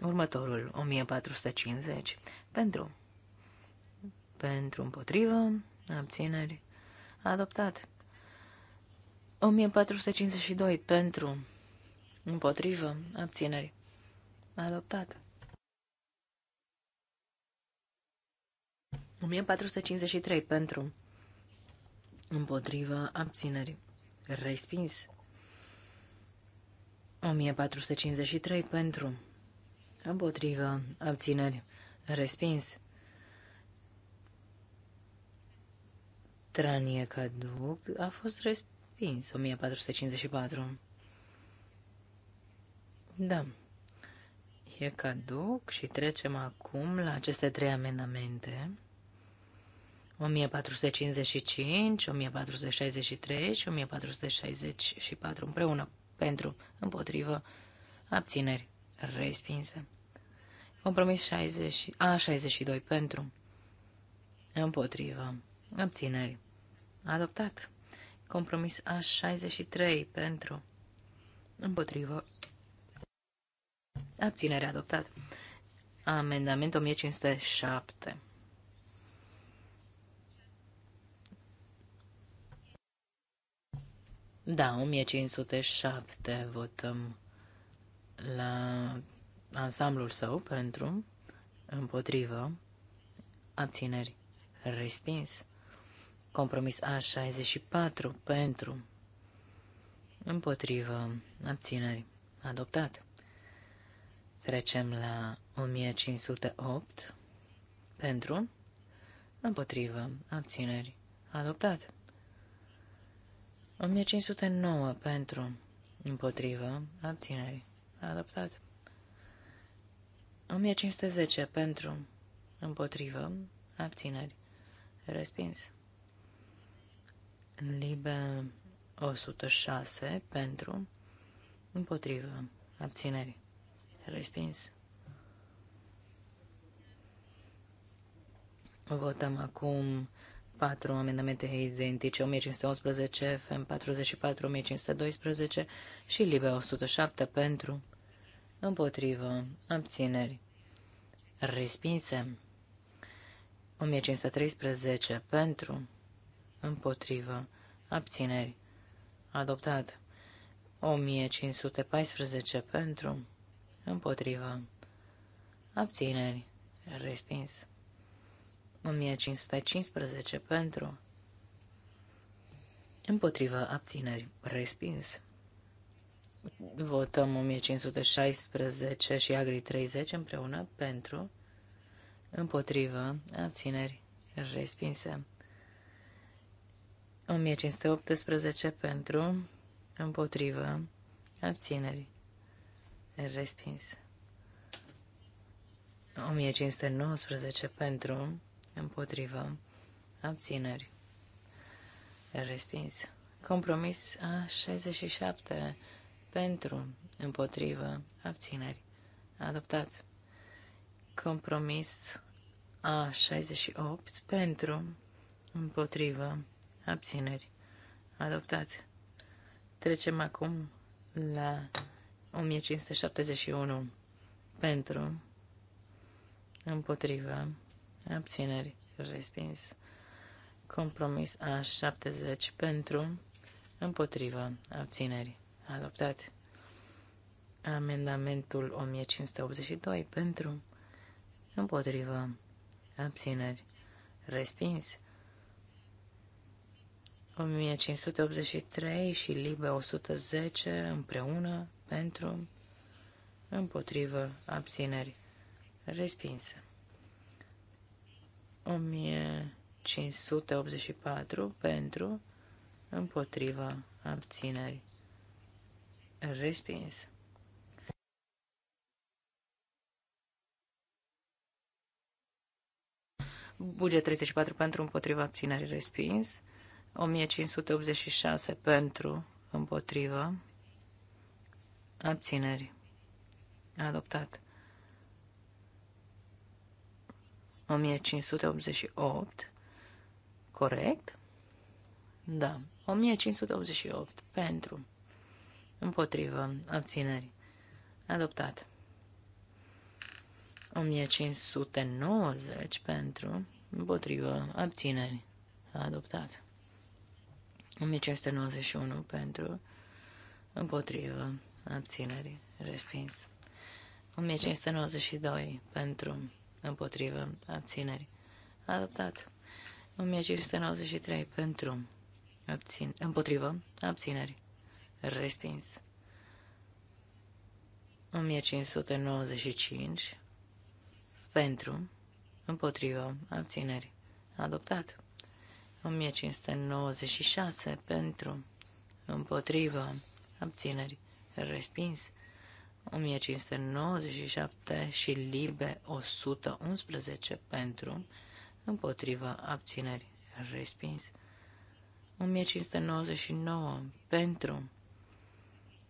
Următorul, 1450, pentru, pentru împotrivă, abțineri, adoptat. 1452, pentru, împotrivă, abțineri, adoptat. 1453 pentru. Împotriva abținerii Respins. 1453 pentru. Împotriva abținerii Respins. Tranie caduc a fost respins. 1454. Da. E caduc și trecem acum la aceste trei amendamente. 1455, 1463 și 1464 împreună pentru, împotrivă, abțineri respinse. Compromis 60, a, 62 pentru, împotrivă, abțineri adoptat. Compromis a 63 pentru, împotrivă, abținere adoptat. Amendament 1507 Da, 1507 votăm la ansamblul său pentru, împotrivă, abțineri, respins. Compromis A64 pentru, împotrivă, abțineri, adoptat. Trecem la 1508 pentru, împotrivă, abțineri, adoptat. 1509 pentru, împotrivă, abțineri, adoptat. 1510 pentru, împotrivă, abțineri, respins. Libe 106 pentru, împotrivă, abțineri, respins. Votăm acum patru amendamente identice, 1511, FM 44, 1512 și Libe 107 pentru, împotrivă, abțineri, respinse, 1513 pentru, împotrivă, abțineri, adoptat, 1514 pentru, împotrivă, abțineri, respins. 1515 pentru. împotriva abțineri. Respins. Votăm 1516 și Agri 30 împreună pentru. împotriva abțineri. Respinse. 1518 pentru. împotriva abțineri. Respins. 1519 pentru împotrivă, abțineri, respins. Compromis A67 pentru, împotrivă, abțineri, adoptat. Compromis A68 pentru, împotrivă, abțineri, adoptat. Trecem acum la 1571 pentru, împotrivă, abțineri, respins. Compromis A70 pentru, împotrivă, abțineri, adoptat. Amendamentul 1582 pentru, împotrivă, abțineri, respins. 1583 și Libe 110 împreună pentru împotrivă abțineri respinsă. 1584 pentru, împotriva, abțineri, respins. Buget 34 pentru, împotriva, abțineri, respins. 1586 pentru, împotriva, abțineri, adoptat. 1588, corect? Da, 1588 pentru, împotrivă, abțineri, adoptat. 1590 pentru, împotrivă, abțineri, adoptat. 1591 pentru, împotrivă, abțineri, respins. 1592 pentru, împotrivă, abțineri. Adoptat. 1593 pentru, abțin, împotrivă, abțineri. Respins. 1595 pentru, împotrivă, abțineri. Adoptat. 1596 pentru, împotrivă, abțineri. Respins. 1597 și Libe 111 pentru, împotriva abțineri respins. 1599 pentru,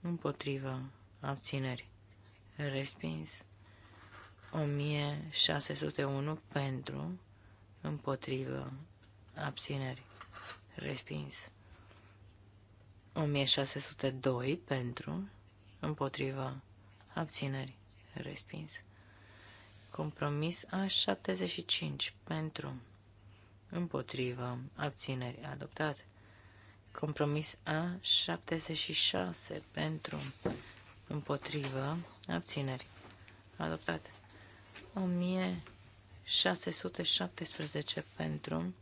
împotriva abțineri respins. 1601 pentru, împotriva abțineri respins. 1602 pentru, împotriva abțineri, respins. Compromis A75 pentru, împotrivă, abțineri, adoptat. Compromis A76 pentru, împotrivă, abțineri, adoptat. 1617 pentru,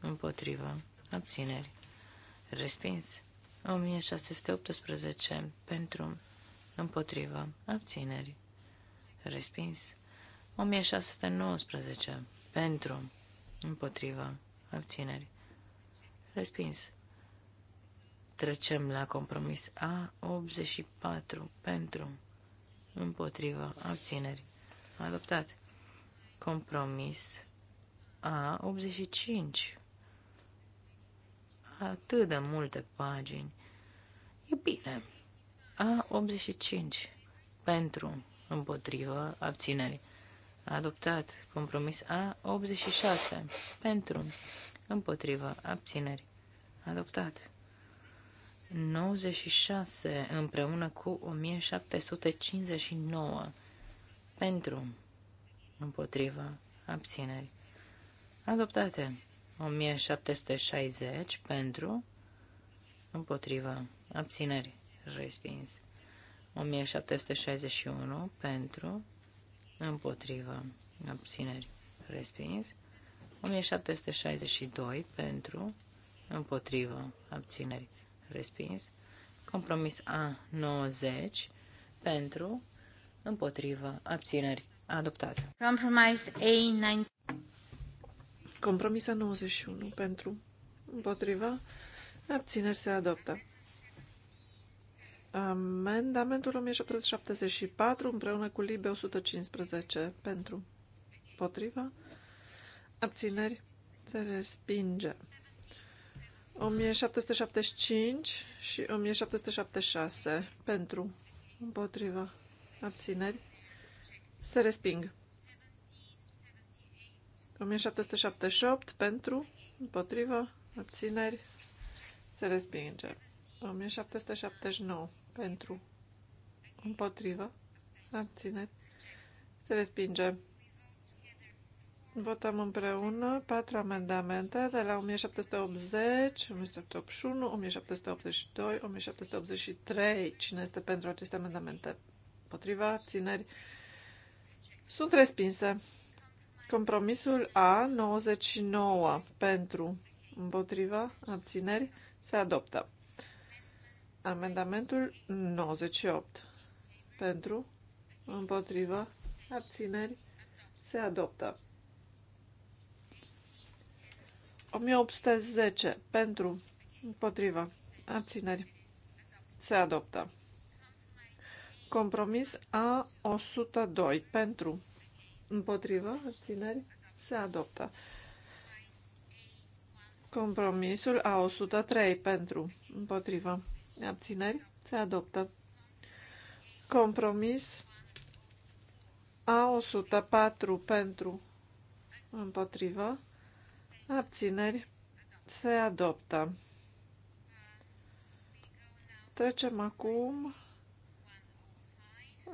împotrivă, abțineri, respins. 1618 pentru, împotrivă, abțineri, respins. 1619 pentru, împotrivă, abțineri, respins. Trecem la compromis A84 pentru, împotrivă, abțineri, adoptat. Compromis A85 atât de multe pagini. E bine, a85 pentru, împotrivă, abțineri. Adoptat. Compromis A86 pentru, împotrivă, abțineri. Adoptat. 96 împreună cu 1759 pentru, împotrivă, abțineri. Adoptate. 1760 pentru, împotrivă, abțineri respins. 1761 pentru, împotriva, abțineri, respins. 1762 pentru, împotriva, abțineri, respins. Compromis A90 pentru, împotriva, abțineri, adoptat. Compromis A90. Compromis A91 pentru, împotriva, abțineri se adoptă. Amendamentul 1774 împreună cu Libe 115 pentru potriva. Abțineri se respinge. 1775 și 1776 pentru împotriva. Abțineri se resping. 1778 pentru împotriva. Abțineri se respinge. 1779 pentru, împotrivă, abțineri, se respinge. Votăm împreună patru amendamente de la 1780, 1781, 1782, 1783. Cine este pentru aceste amendamente? Potriva, țineri. Sunt respinse. Compromisul A99 pentru împotriva abțineri se adoptă. Amendamentul 98. Pentru, împotrivă, abțineri, se adoptă. 1810. Pentru, împotrivă, abțineri, se adoptă. Compromis A102. Pentru, împotrivă, abțineri, se adoptă. Compromisul A103 pentru, împotrivă, abțineri, se adoptă. Compromis A104 pentru, împotrivă, abțineri, se adoptă. Trecem acum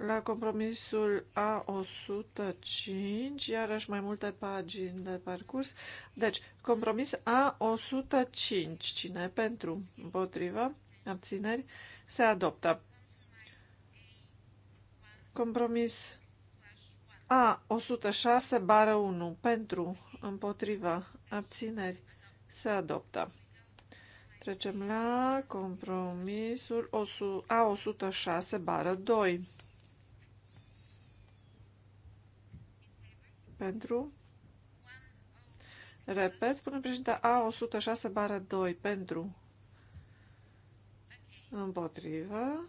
la compromisul A105, iarăși mai multe pagini de parcurs. Deci, compromis A105, cine pentru, împotrivă? abțineri, se adoptă. Compromis A106 bară 1 pentru, împotriva, abțineri, se adoptă. Trecem la compromisul A106 bară 2. Pentru. Repet, spune președinte A106 bară 2. Pentru. Împotrivă.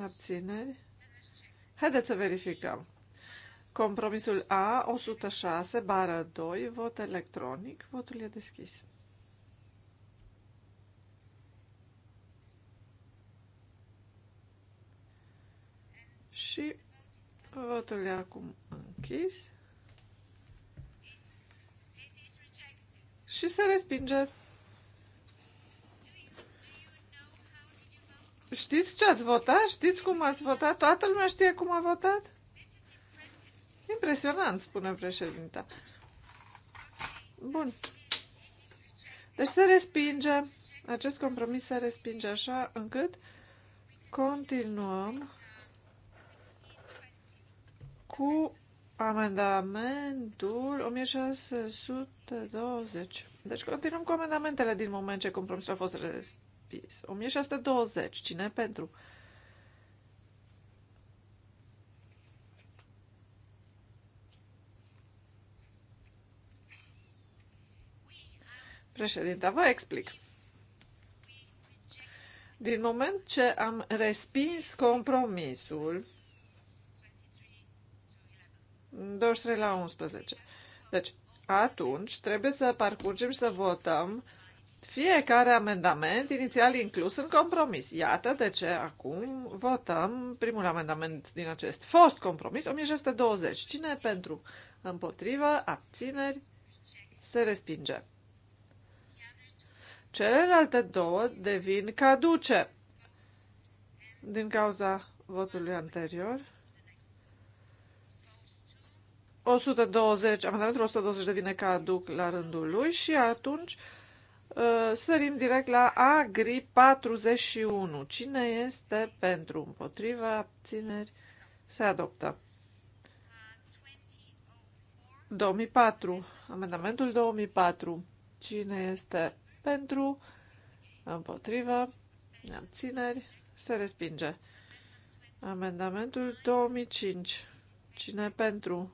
Abțineri. Haideți să verificăm. Compromisul A, 106, bară 2, vot electronic. Votul e deschis. Și votul e acum închis. Și se respinge. Știți ce ați votat? Știți cum ați votat? Toată lumea știe cum a votat? Impresionant, spune președinta. Bun. Deci se respinge. Acest compromis se respinge așa încât continuăm cu amendamentul 1620. Deci continuăm cu amendamentele din moment ce compromisul a fost respins scris. 1620. Cine pentru? președinte. vă explic. Din moment ce am respins compromisul 23 la 11, deci atunci trebuie să parcurgem și să votăm fiecare amendament inițial inclus în compromis. Iată de ce acum votăm primul amendament din acest fost compromis, 1620. Cine pentru? Împotrivă, abțineri, se respinge. Celelalte două devin caduce din cauza votului anterior. 120, amendamentul 120 devine caduc la rândul lui și atunci Uh, sărim direct la Agri 41. Cine este pentru? Împotriva abțineri? Se adoptă. 2004. Amendamentul 2004. Cine este pentru? Împotriva? Abțineri? Se respinge. Amendamentul 2005. Cine pentru?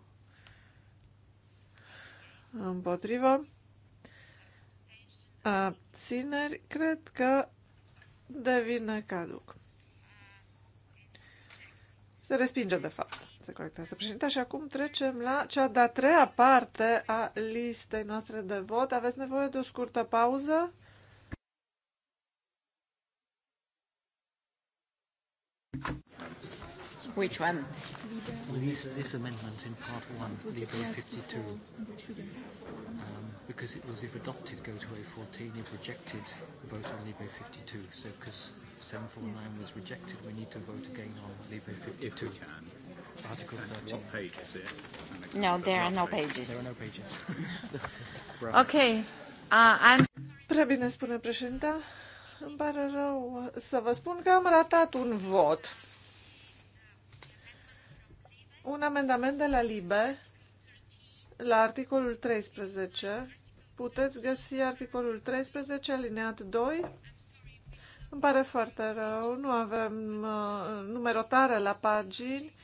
Împotrivă? abțineri, cred că devine caduc. Se respinge, de fapt, se corectează președinta. Și acum trecem la cea de-a treia parte a listei noastre de vot. Aveți nevoie de o scurtă pauză? Which one? this, this amendment in part one, a 52, um, because it was if adopted, go to A14, if rejected, vote on Libre 52. So because 749 was rejected, we need to vote again on Libre 52. If we can. Article 13. What page is it? No, there are no pages. There are no pages. Okay. Uh, I'm... Prea bine spune președinta. Îmi pare rău să vă spun că am ratat un vot un amendament de la LIBE la articolul 13. Puteți găsi articolul 13, alineat 2. Îmi pare foarte rău, nu avem uh, numerotare la pagini,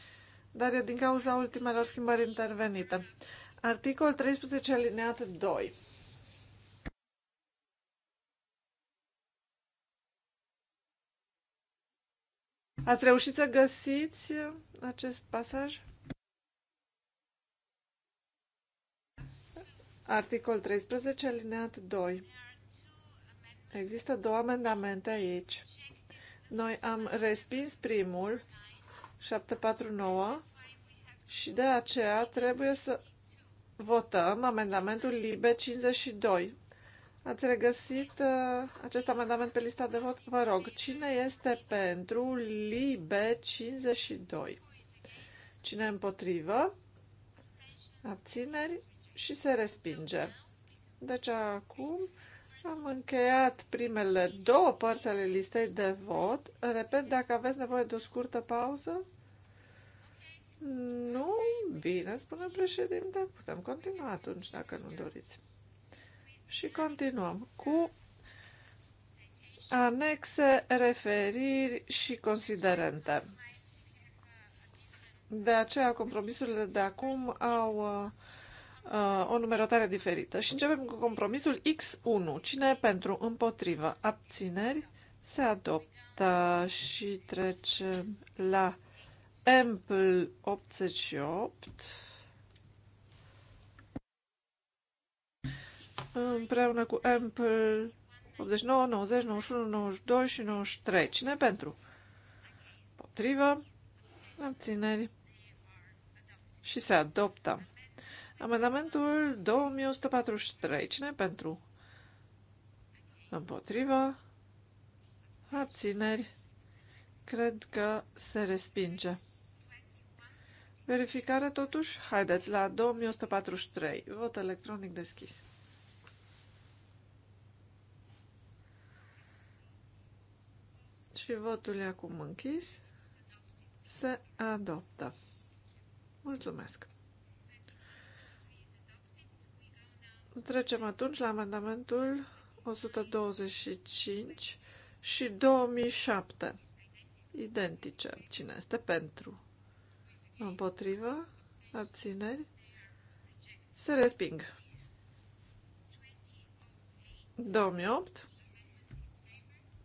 dar e din cauza ultimelor schimbări intervenite. Articol 13, alineat 2. Ați reușit să găsiți acest pasaj? Articol 13, alineat 2. Există două amendamente aici. Noi am respins primul, 749, și de aceea trebuie să votăm amendamentul LIBE 52. Ați regăsit uh, acest amendament pe lista de vot? Vă rog, cine este pentru LIBE 52? Cine împotrivă? Abțineri? și se respinge. Deci acum am încheiat primele două părți ale listei de vot. Repet, dacă aveți nevoie de o scurtă pauză, nu, bine, spune președinte, putem continua atunci dacă nu doriți. Și continuăm cu anexe, referiri și considerente. De aceea, compromisurile de acum au uh, uh, o numerotare diferită. Și începem cu compromisul X1. Cine e pentru? Împotrivă. Abțineri? Se adoptă și trecem la Ample 88. Împreună cu Ample 89, 90, 91, 92 și 93. Cine pentru? Potrivă. Abțineri. Și se adoptă. Amendamentul 2143. Cine pentru? Împotrivă. Abțineri. Cred că se respinge. Verificare totuși? Haideți la 2143. Vot electronic deschis. Și votul e acum închis. Se adoptă. Mulțumesc! Trecem atunci la amendamentul 125 și 2007. Identice. Cine este pentru? Împotrivă? Abțineri? Se resping. 2008.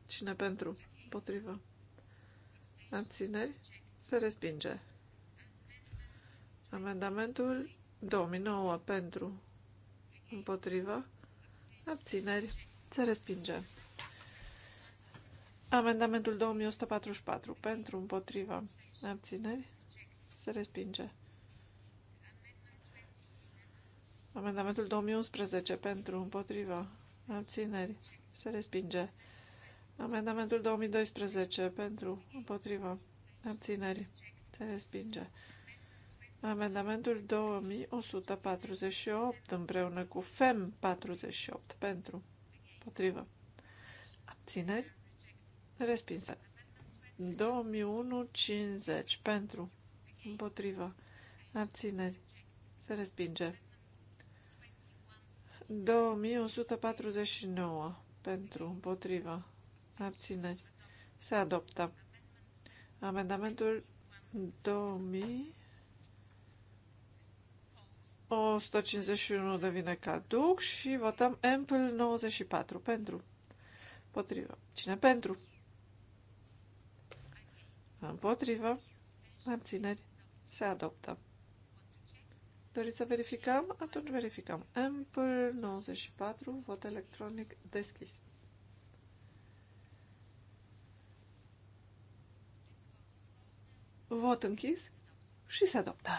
Cine pentru? Împotrivă. Abțineri? Se respinge. Amendamentul 2009 pentru Împotrivă. Abțineri. Se respinge. Amendamentul 2144. Pentru, împotrivă. Abțineri. Se respinge. Amendamentul 2011. Pentru, împotrivă. Abțineri. Se respinge. Amendamentul 2012. Pentru, împotrivă. Abțineri. Se respinge. Amendamentul 2148 împreună cu FEM 48 pentru, potrivă, abțineri, respinsă. 2150 pentru, împotrivă, abțineri, se respinge. 2149 pentru, împotrivă, abțineri, se adoptă. Amendamentul 2000 151 devine caduc și votăm Ample 94 pentru. Potrivă. Cine pentru? Împotrivă. Abțineri. Se adoptă. Doriți să verificăm? Atunci verificăm. Ample 94, vot electronic deschis. Vot închis și se adoptă.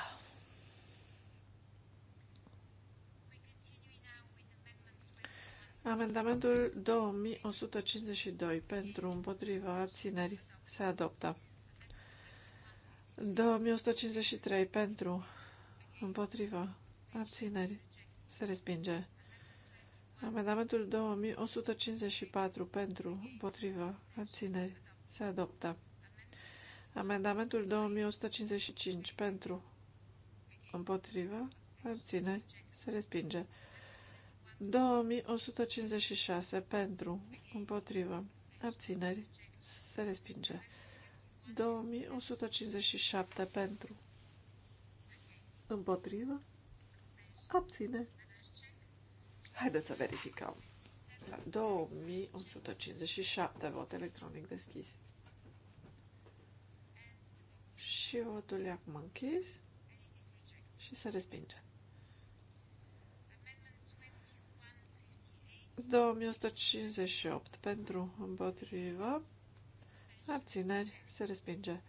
Amendamentul 2152 pentru împotriva abțineri se adoptă. 2153 pentru împotriva abțineri se respinge. Amendamentul 2154 pentru împotriva abțineri se adoptă. Amendamentul 2155 pentru împotriva abțineri se respinge. 2156 pentru, împotrivă, abțineri, se respinge. 2157 pentru, împotrivă, abține. Haideți să verificăm. 2157 vot electronic deschis. Și votul e acum închis și se respinge. 2158 pentru împotriva abțineri se respinge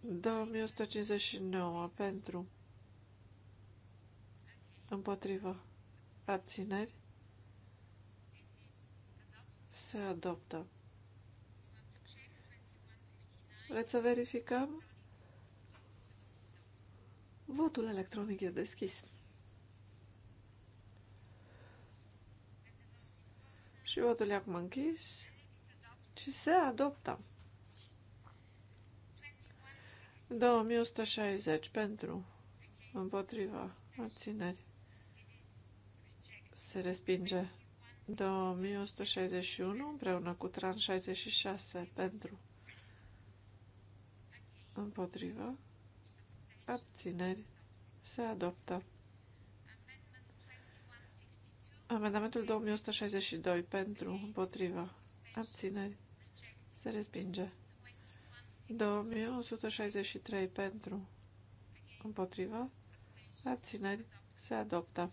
2159 pentru împotriva abțineri se adoptă Vreți să verificăm? Votul electronic e deschis. Și votul e acum închis. Și se adoptă. 2160 pentru împotriva abțineri. Se respinge 2161 împreună cu tran 66 pentru împotriva abțineri. Se adoptă Amendamentul 2162 pentru, împotriva, abțineri, se respinge. 2163 pentru, împotriva, abțineri, se adoptă.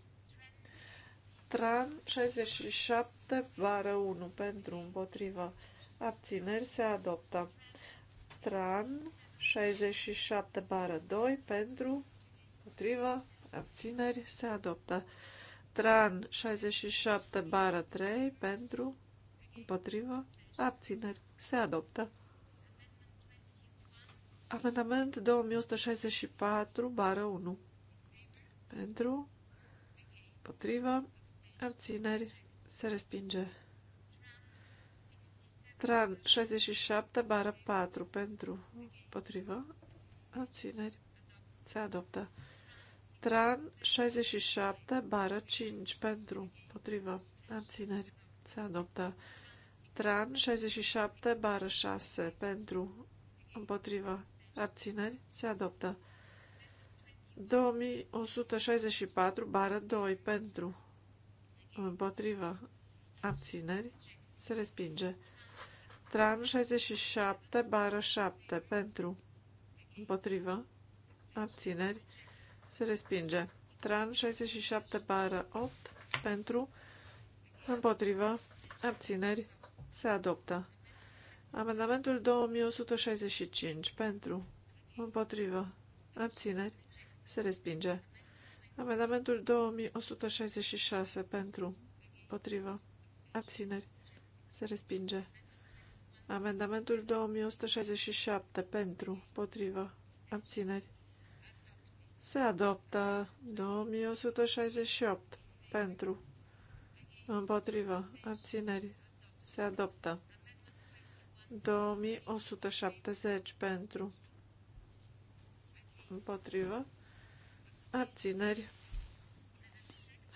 Tran 67 bară 1 pentru, împotriva, abțineri, se adoptă. Tran 67 bară 2 pentru, împotriva, abțineri, se adoptă. Tran 67 bară 3 pentru, împotrivă, abțineri, se adoptă. Amendament 2164 bară 1 pentru, împotrivă, abțineri, se respinge. Tran 67 bară 4 pentru, împotrivă, abțineri, se adoptă. Tran 67, bară 5, pentru, potriva abțineri, se adoptă. Tran 67, bară 6, pentru, împotriva abțineri, se adoptă. 2164, bară 2, pentru, împotriva abțineri, se respinge. Tran 67, bară 7, pentru, împotriva abțineri, se respinge. Tran 67 bară 8 pentru, împotrivă, abțineri, se adoptă. Amendamentul 2165 pentru, împotrivă, abțineri, se respinge. Amendamentul 2166 pentru, împotrivă, abțineri, se respinge. Amendamentul 2167 pentru, împotrivă, abțineri, se adoptă 2168 pentru împotriva abțineri. Se adoptă 2170 pentru împotriva abțineri.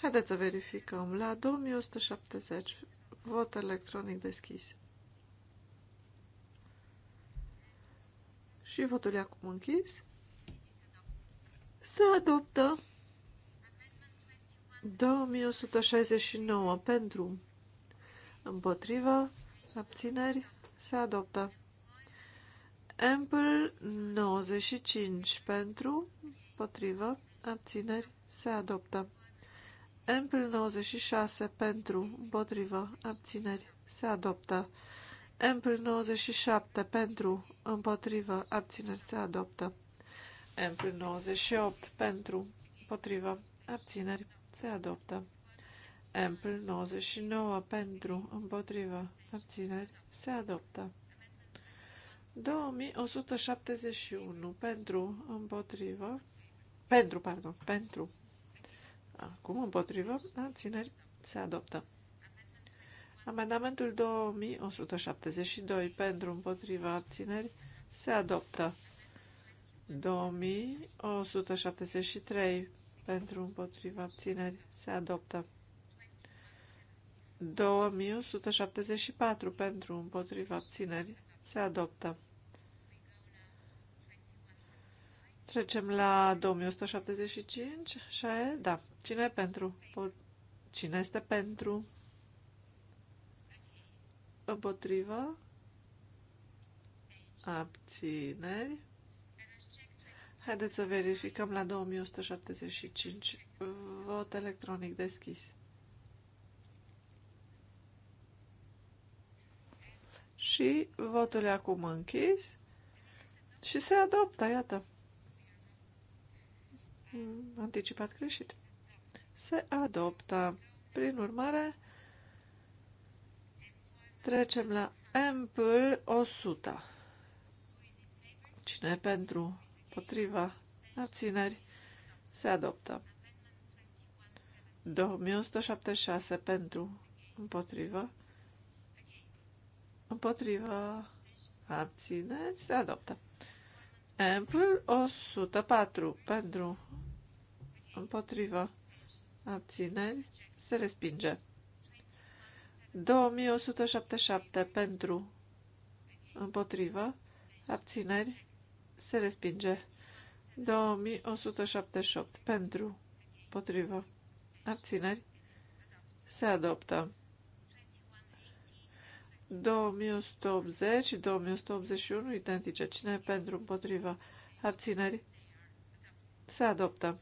Haideți să verificăm. La 2170 vot electronic deschis. Și votul e acum închis. Se adoptă 2169 pentru împotrivă abțineri se adoptă Ample 95 pentru împotrivă abțineri se adoptă Ample 96 pentru împotrivă abțineri se adoptă Ample 97 pentru împotrivă abțineri se adoptă Ample 98 pentru, împotriva, abțineri, se adoptă. Ample 99 pentru, împotriva, abțineri, se adoptă. 2171 pentru, împotriva, pentru, pardon, pentru, acum împotriva, abțineri, se adoptă. Amendamentul 2172 pentru împotriva abțineri se adoptă. 2173 pentru împotriva abțineri se adoptă. 2174 pentru împotriva abțineri se adoptă. Trecem la 2175 și da. Cine pentru? Cine este pentru? Împotriva? Abțineri? Haideți să verificăm la 2175. Vot electronic deschis. Și votul e acum închis și se adoptă, iată. Mm, anticipat greșit. Se adoptă. Prin urmare, trecem la Ample 100. Cine pentru? împotriva, abțineri, se adoptă. 2176 pentru, împotrivă, împotrivă, abțineri, se adoptă. Ample 104 pentru, împotrivă, abțineri, se respinge. 2177 pentru, împotrivă, abțineri, se respinge. 2178 pentru, potrivă, abțineri, se adoptă. 2180 și 2181 identice. Cine pentru împotriva abțineri se adoptă.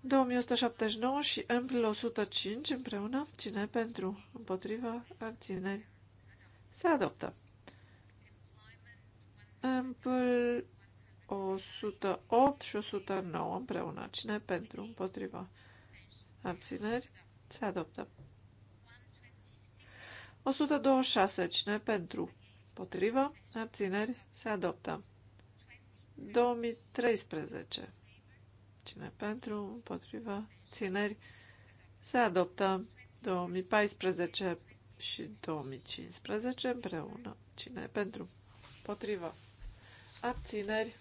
2179 și împlă 105 împreună. Cine pentru împotriva abțineri se adoptă. 108 și 109 împreună. Cine pentru? Împotriva. Abțineri? Se adoptă. 126. Cine pentru? Potrivă? Abțineri? Se adoptă. 2013. Cine pentru? Împotriva. Țineri? Se adoptă. 2014 și 2015 împreună. Cine pentru? Potrivă. Abțineri?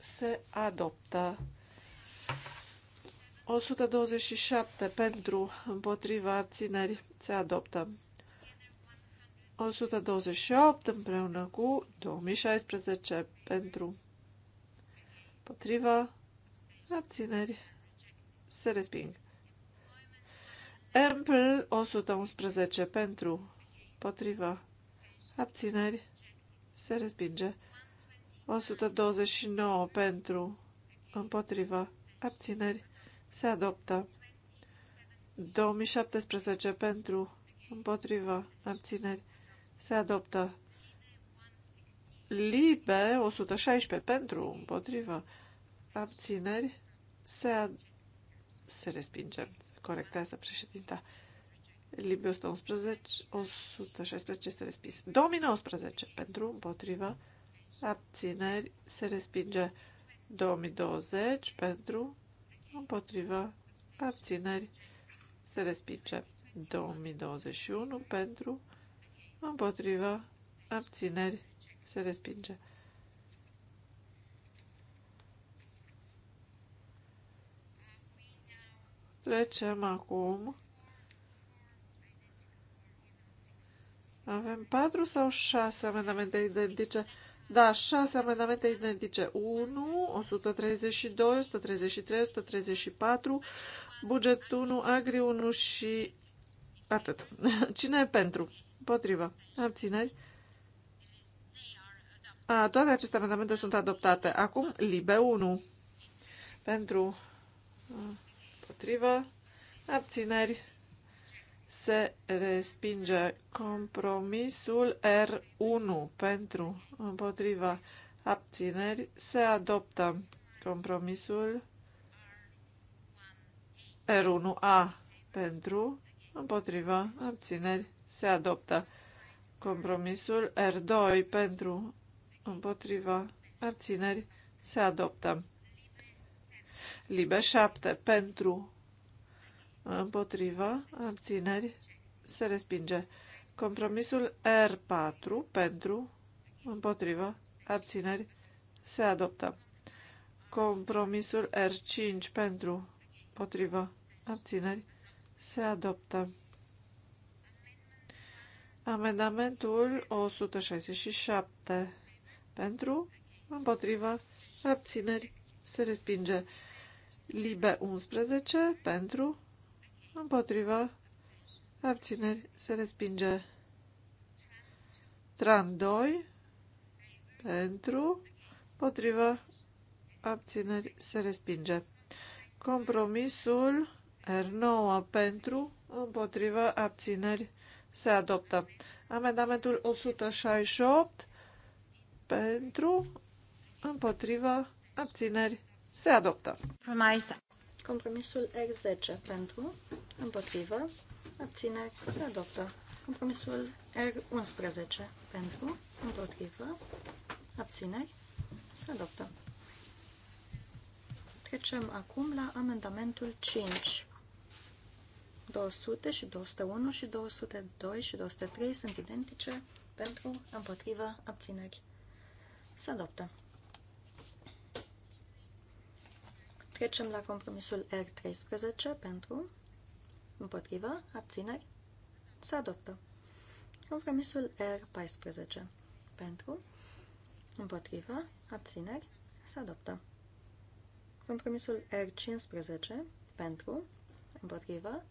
se adoptă. 127 pentru, împotriva abțineri se adoptă. 128 împreună cu 2016 pentru, împotriva abțineri se resping. Ample 111 pentru, împotriva abțineri se respinge. 129 pentru, împotriva, abțineri, se adoptă. 2017 pentru, împotriva, abțineri, se adoptă. Libe 116 pentru, împotriva, abțineri, se, ad- se respinge, se corectează președinta. Libe 111, 116 este respins. 2019 pentru, împotriva, abțineri, se respinge 2020 pentru, împotriva, abțineri, se respinge 2021 pentru, împotriva, abțineri, se respinge. Trecem acum. Avem patru sau șase amendamente identice da, șase amendamente identice. 1, 132, 133, 134, buget 1, agri 1 și atât. Cine e pentru? Împotrivă. Abțineri? A, toate aceste amendamente sunt adoptate. Acum, libe 1. Pentru. Împotrivă. Abțineri se respinge compromisul R1 pentru împotriva abțineri se adoptă compromisul R1A pentru împotriva abțineri se adoptă compromisul R2 pentru împotriva abțineri se adoptă Libe 7 pentru împotriva, abțineri, se respinge. Compromisul R4 pentru, împotriva, abțineri, se adoptă. Compromisul R5 pentru, împotriva, abțineri, se adoptă. Amendamentul 167 pentru, împotriva, abțineri, se respinge. Libe 11 pentru, împotriva, abțineri, se respinge. Tran 2, pentru, împotriva, abțineri, se respinge. Compromisul R9 pentru, împotriva, abțineri, se adoptă. Amendamentul 168 pentru, împotriva, abțineri, se adoptă. Compromisul R10 pentru, împotrivă, abțineri, se adoptă. Compromisul R11 pentru, împotrivă, abțineri, se adoptă. Trecem acum la amendamentul 5. 200 și 201 și 202 și 203 sunt identice pentru, împotrivă, abțineri. Se adoptă. Trecem la compromisul R13 pentru, împotriva, abțineri, se adoptă. Compromisul R14 pentru, împotriva, abțineri, se adoptă. Compromisul R15 pentru, împotriva,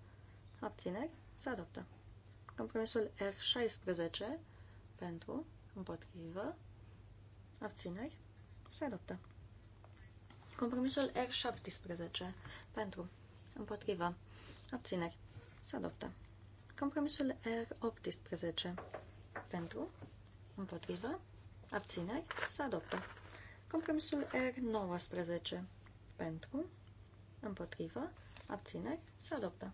abțineri, se adoptă. Compromisul R16 pentru, împotrivă, abțineri, se adoptă. Compromisul R17. Pentru. împotriva Abțineri. Se adoptă. Compromisul R18. Pentru. împotriva Abțineri. Se adoptă. Compromisul R19. Pentru. împotriva Abțineri. Se adoptă.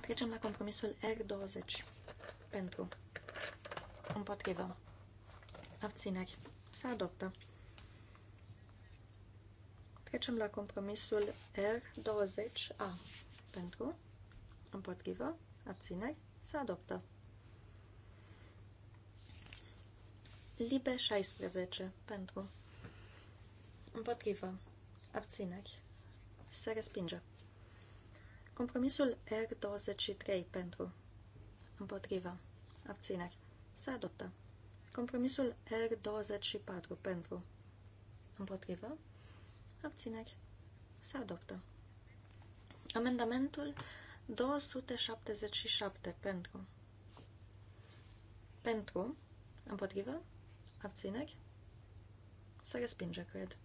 Trecem la compromisul R20. Pentru. împotriva Abțineri. Se adoptă. Trecem la compromisul R20A. Pentru, împotrivă, abțineri, să adoptă. Libe 16. Pentru, împotrivă, abțineri, se respinge. Compromisul R23 pentru, împotrivă, abțineri, se adoptă. Compromisul R24 pentru, împotrivă, Abțineri. Se adoptă. Amendamentul 277 pentru. Pentru. Împotrivă. Abțineri. Se respinge, cred.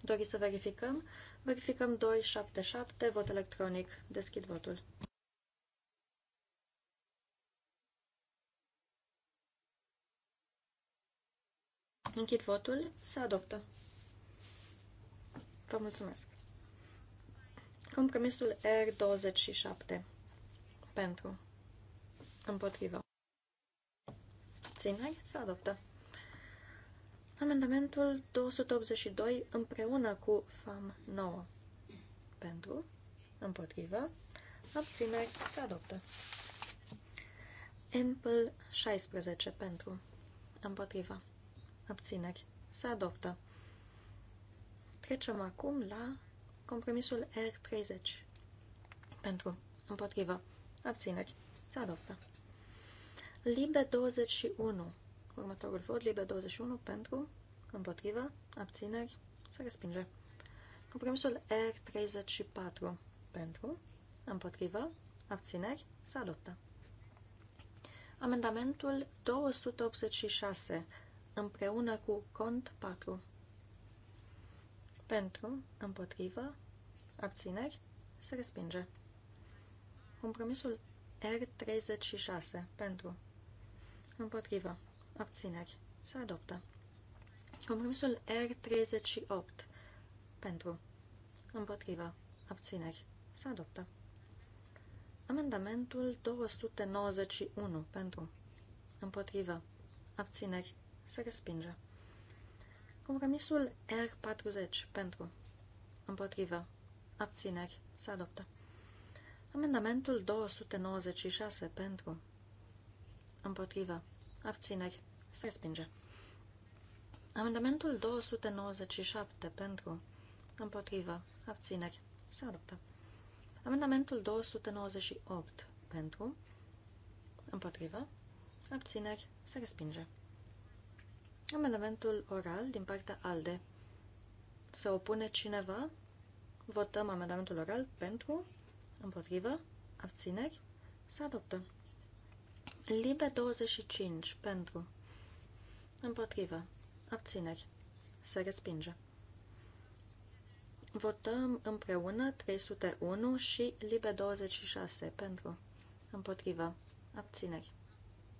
Doriți să verificăm? Verificăm 277, vot electronic. Deschid votul. Închid votul. Se adoptă. Vă mulțumesc. Compromisul R27 pentru împotrivă. Ținai se adoptă. Amendamentul 282 împreună cu FAM 9 pentru împotrivă. Abțineri se adoptă. Empl 16 pentru împotrivă. Abțineri se adoptă. Trecem acum la compromisul R30. Pentru, împotrivă, abțineri, se adoptă. Libe 21. Următorul vot, Libe 21, pentru, împotrivă, abțineri, se respinge. Compromisul R34, pentru, împotrivă, abțineri, se adoptă. Amendamentul 286, împreună cu cont 4, pentru, împotrivă, abțineri, se respinge. Compromisul R36 pentru, împotrivă, abțineri, se adoptă. Compromisul R38 pentru, împotrivă, abțineri, se adoptă. Amendamentul 291 pentru, împotrivă, abțineri, se respinge. Compromisul R40 pentru. Împotrivă. Abțineri. Se adoptă. Amendamentul 296 pentru. Împotrivă. Abțineri. Se respinge. Amendamentul 297 pentru. Împotrivă. Abțineri. Se adoptă. Amendamentul 298 pentru. Împotrivă. Abțineri. Se respinge. Amendamentul oral din partea ALDE. Se opune cineva? Votăm amendamentul oral pentru, împotrivă, abțineri, se adoptă. Libe 25 pentru, împotrivă, abțineri, se respinge. Votăm împreună 301 și Libe 26 pentru, împotrivă, abțineri,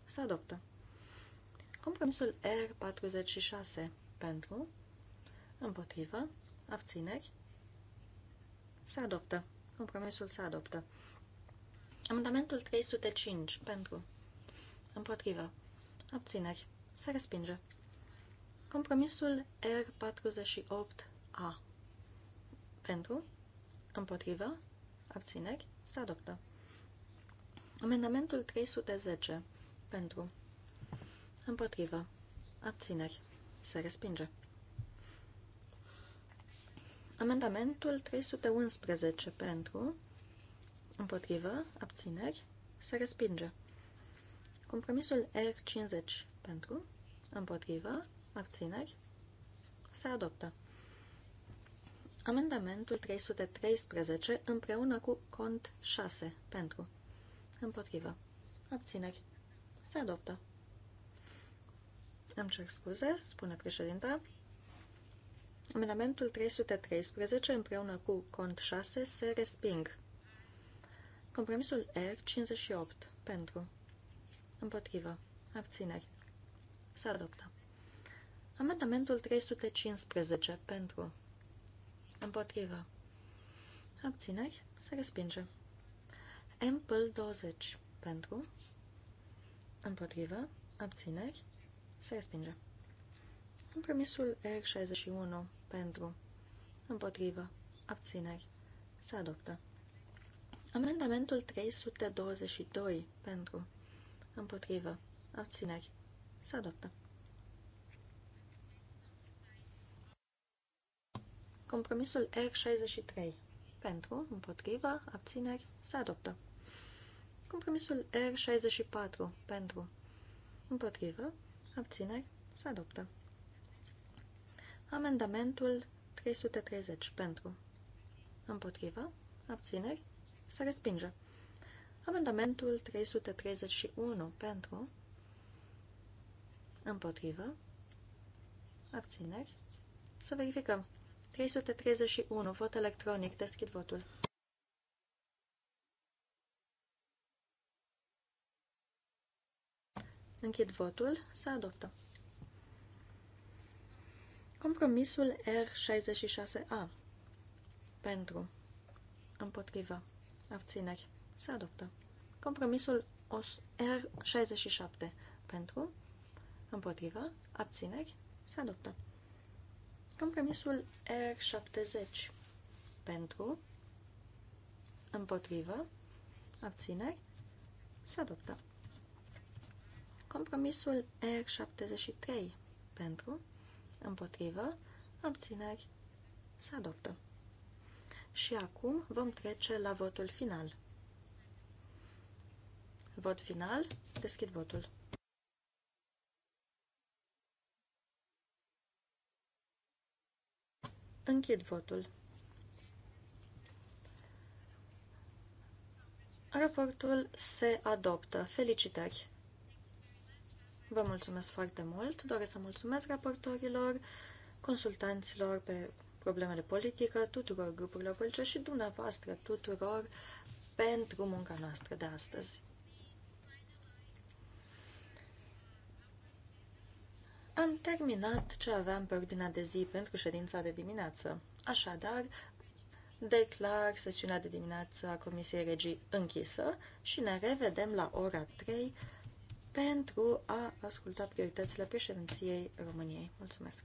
se adoptă. Compromisul R46 pentru, împotrivă, abțineri, se adoptă. Compromisul se adoptă. Amendamentul 305 pentru, împotrivă, abțineri, se respinge. Compromisul R48A pentru, împotrivă, abțineri, se adoptă. Amendamentul 310 pentru, Împotrivă. Abțineri. Se respinge. Amendamentul 311 pentru, împotrivă, abțineri, se respinge. Compromisul R50 pentru, împotrivă, abțineri, se adoptă. Amendamentul 313 împreună cu cont 6 pentru, împotrivă, abțineri, se adoptă. Îmi cer scuze, spune președinta. Amendamentul 313 împreună cu cont 6 se resping. Compromisul R58 pentru. Împotrivă. Abțineri. Se adoptă. Amendamentul 315 pentru. Împotrivă. Abțineri. Se respinge. Ample 20 pentru. Împotrivă. Abțineri. Se respinge. Compromisul R61 pentru, împotrivă, abțineri. Se adoptă. Amendamentul 322 pentru, împotrivă, abțineri. Se adoptă. Compromisul R63 pentru, împotrivă, abțineri. Se adoptă. Compromisul R64 pentru, împotrivă, abțineri, se adoptă. Amendamentul 330 pentru, împotriva, abțineri, se respinge. Amendamentul 331 pentru, împotrivă, abțineri, să verificăm. 331, vot electronic, deschid votul. Închid votul. Se adoptă. Compromisul R66A. Pentru. Împotriva. Abțineri. Se adoptă. Compromisul R67. Pentru. Împotriva. Abțineri. Se adoptă. Compromisul R70. Pentru. Împotriva. Abțineri. Se adoptă. Compromisul R73 pentru, împotrivă, abțineri, se adoptă. Și acum vom trece la votul final. Vot final, deschid votul. Închid votul. Raportul se adoptă. Felicitări! Vă mulțumesc foarte mult. Doresc să mulțumesc raportorilor, consultanților pe problemele politică, tuturor grupurilor politice și dumneavoastră tuturor pentru munca noastră de astăzi. Am terminat ce aveam pe ordinea de zi pentru ședința de dimineață. Așadar, declar sesiunea de dimineață a Comisiei Regii închisă și ne revedem la ora 3 pentru a asculta prioritățile președinției României. Mulțumesc!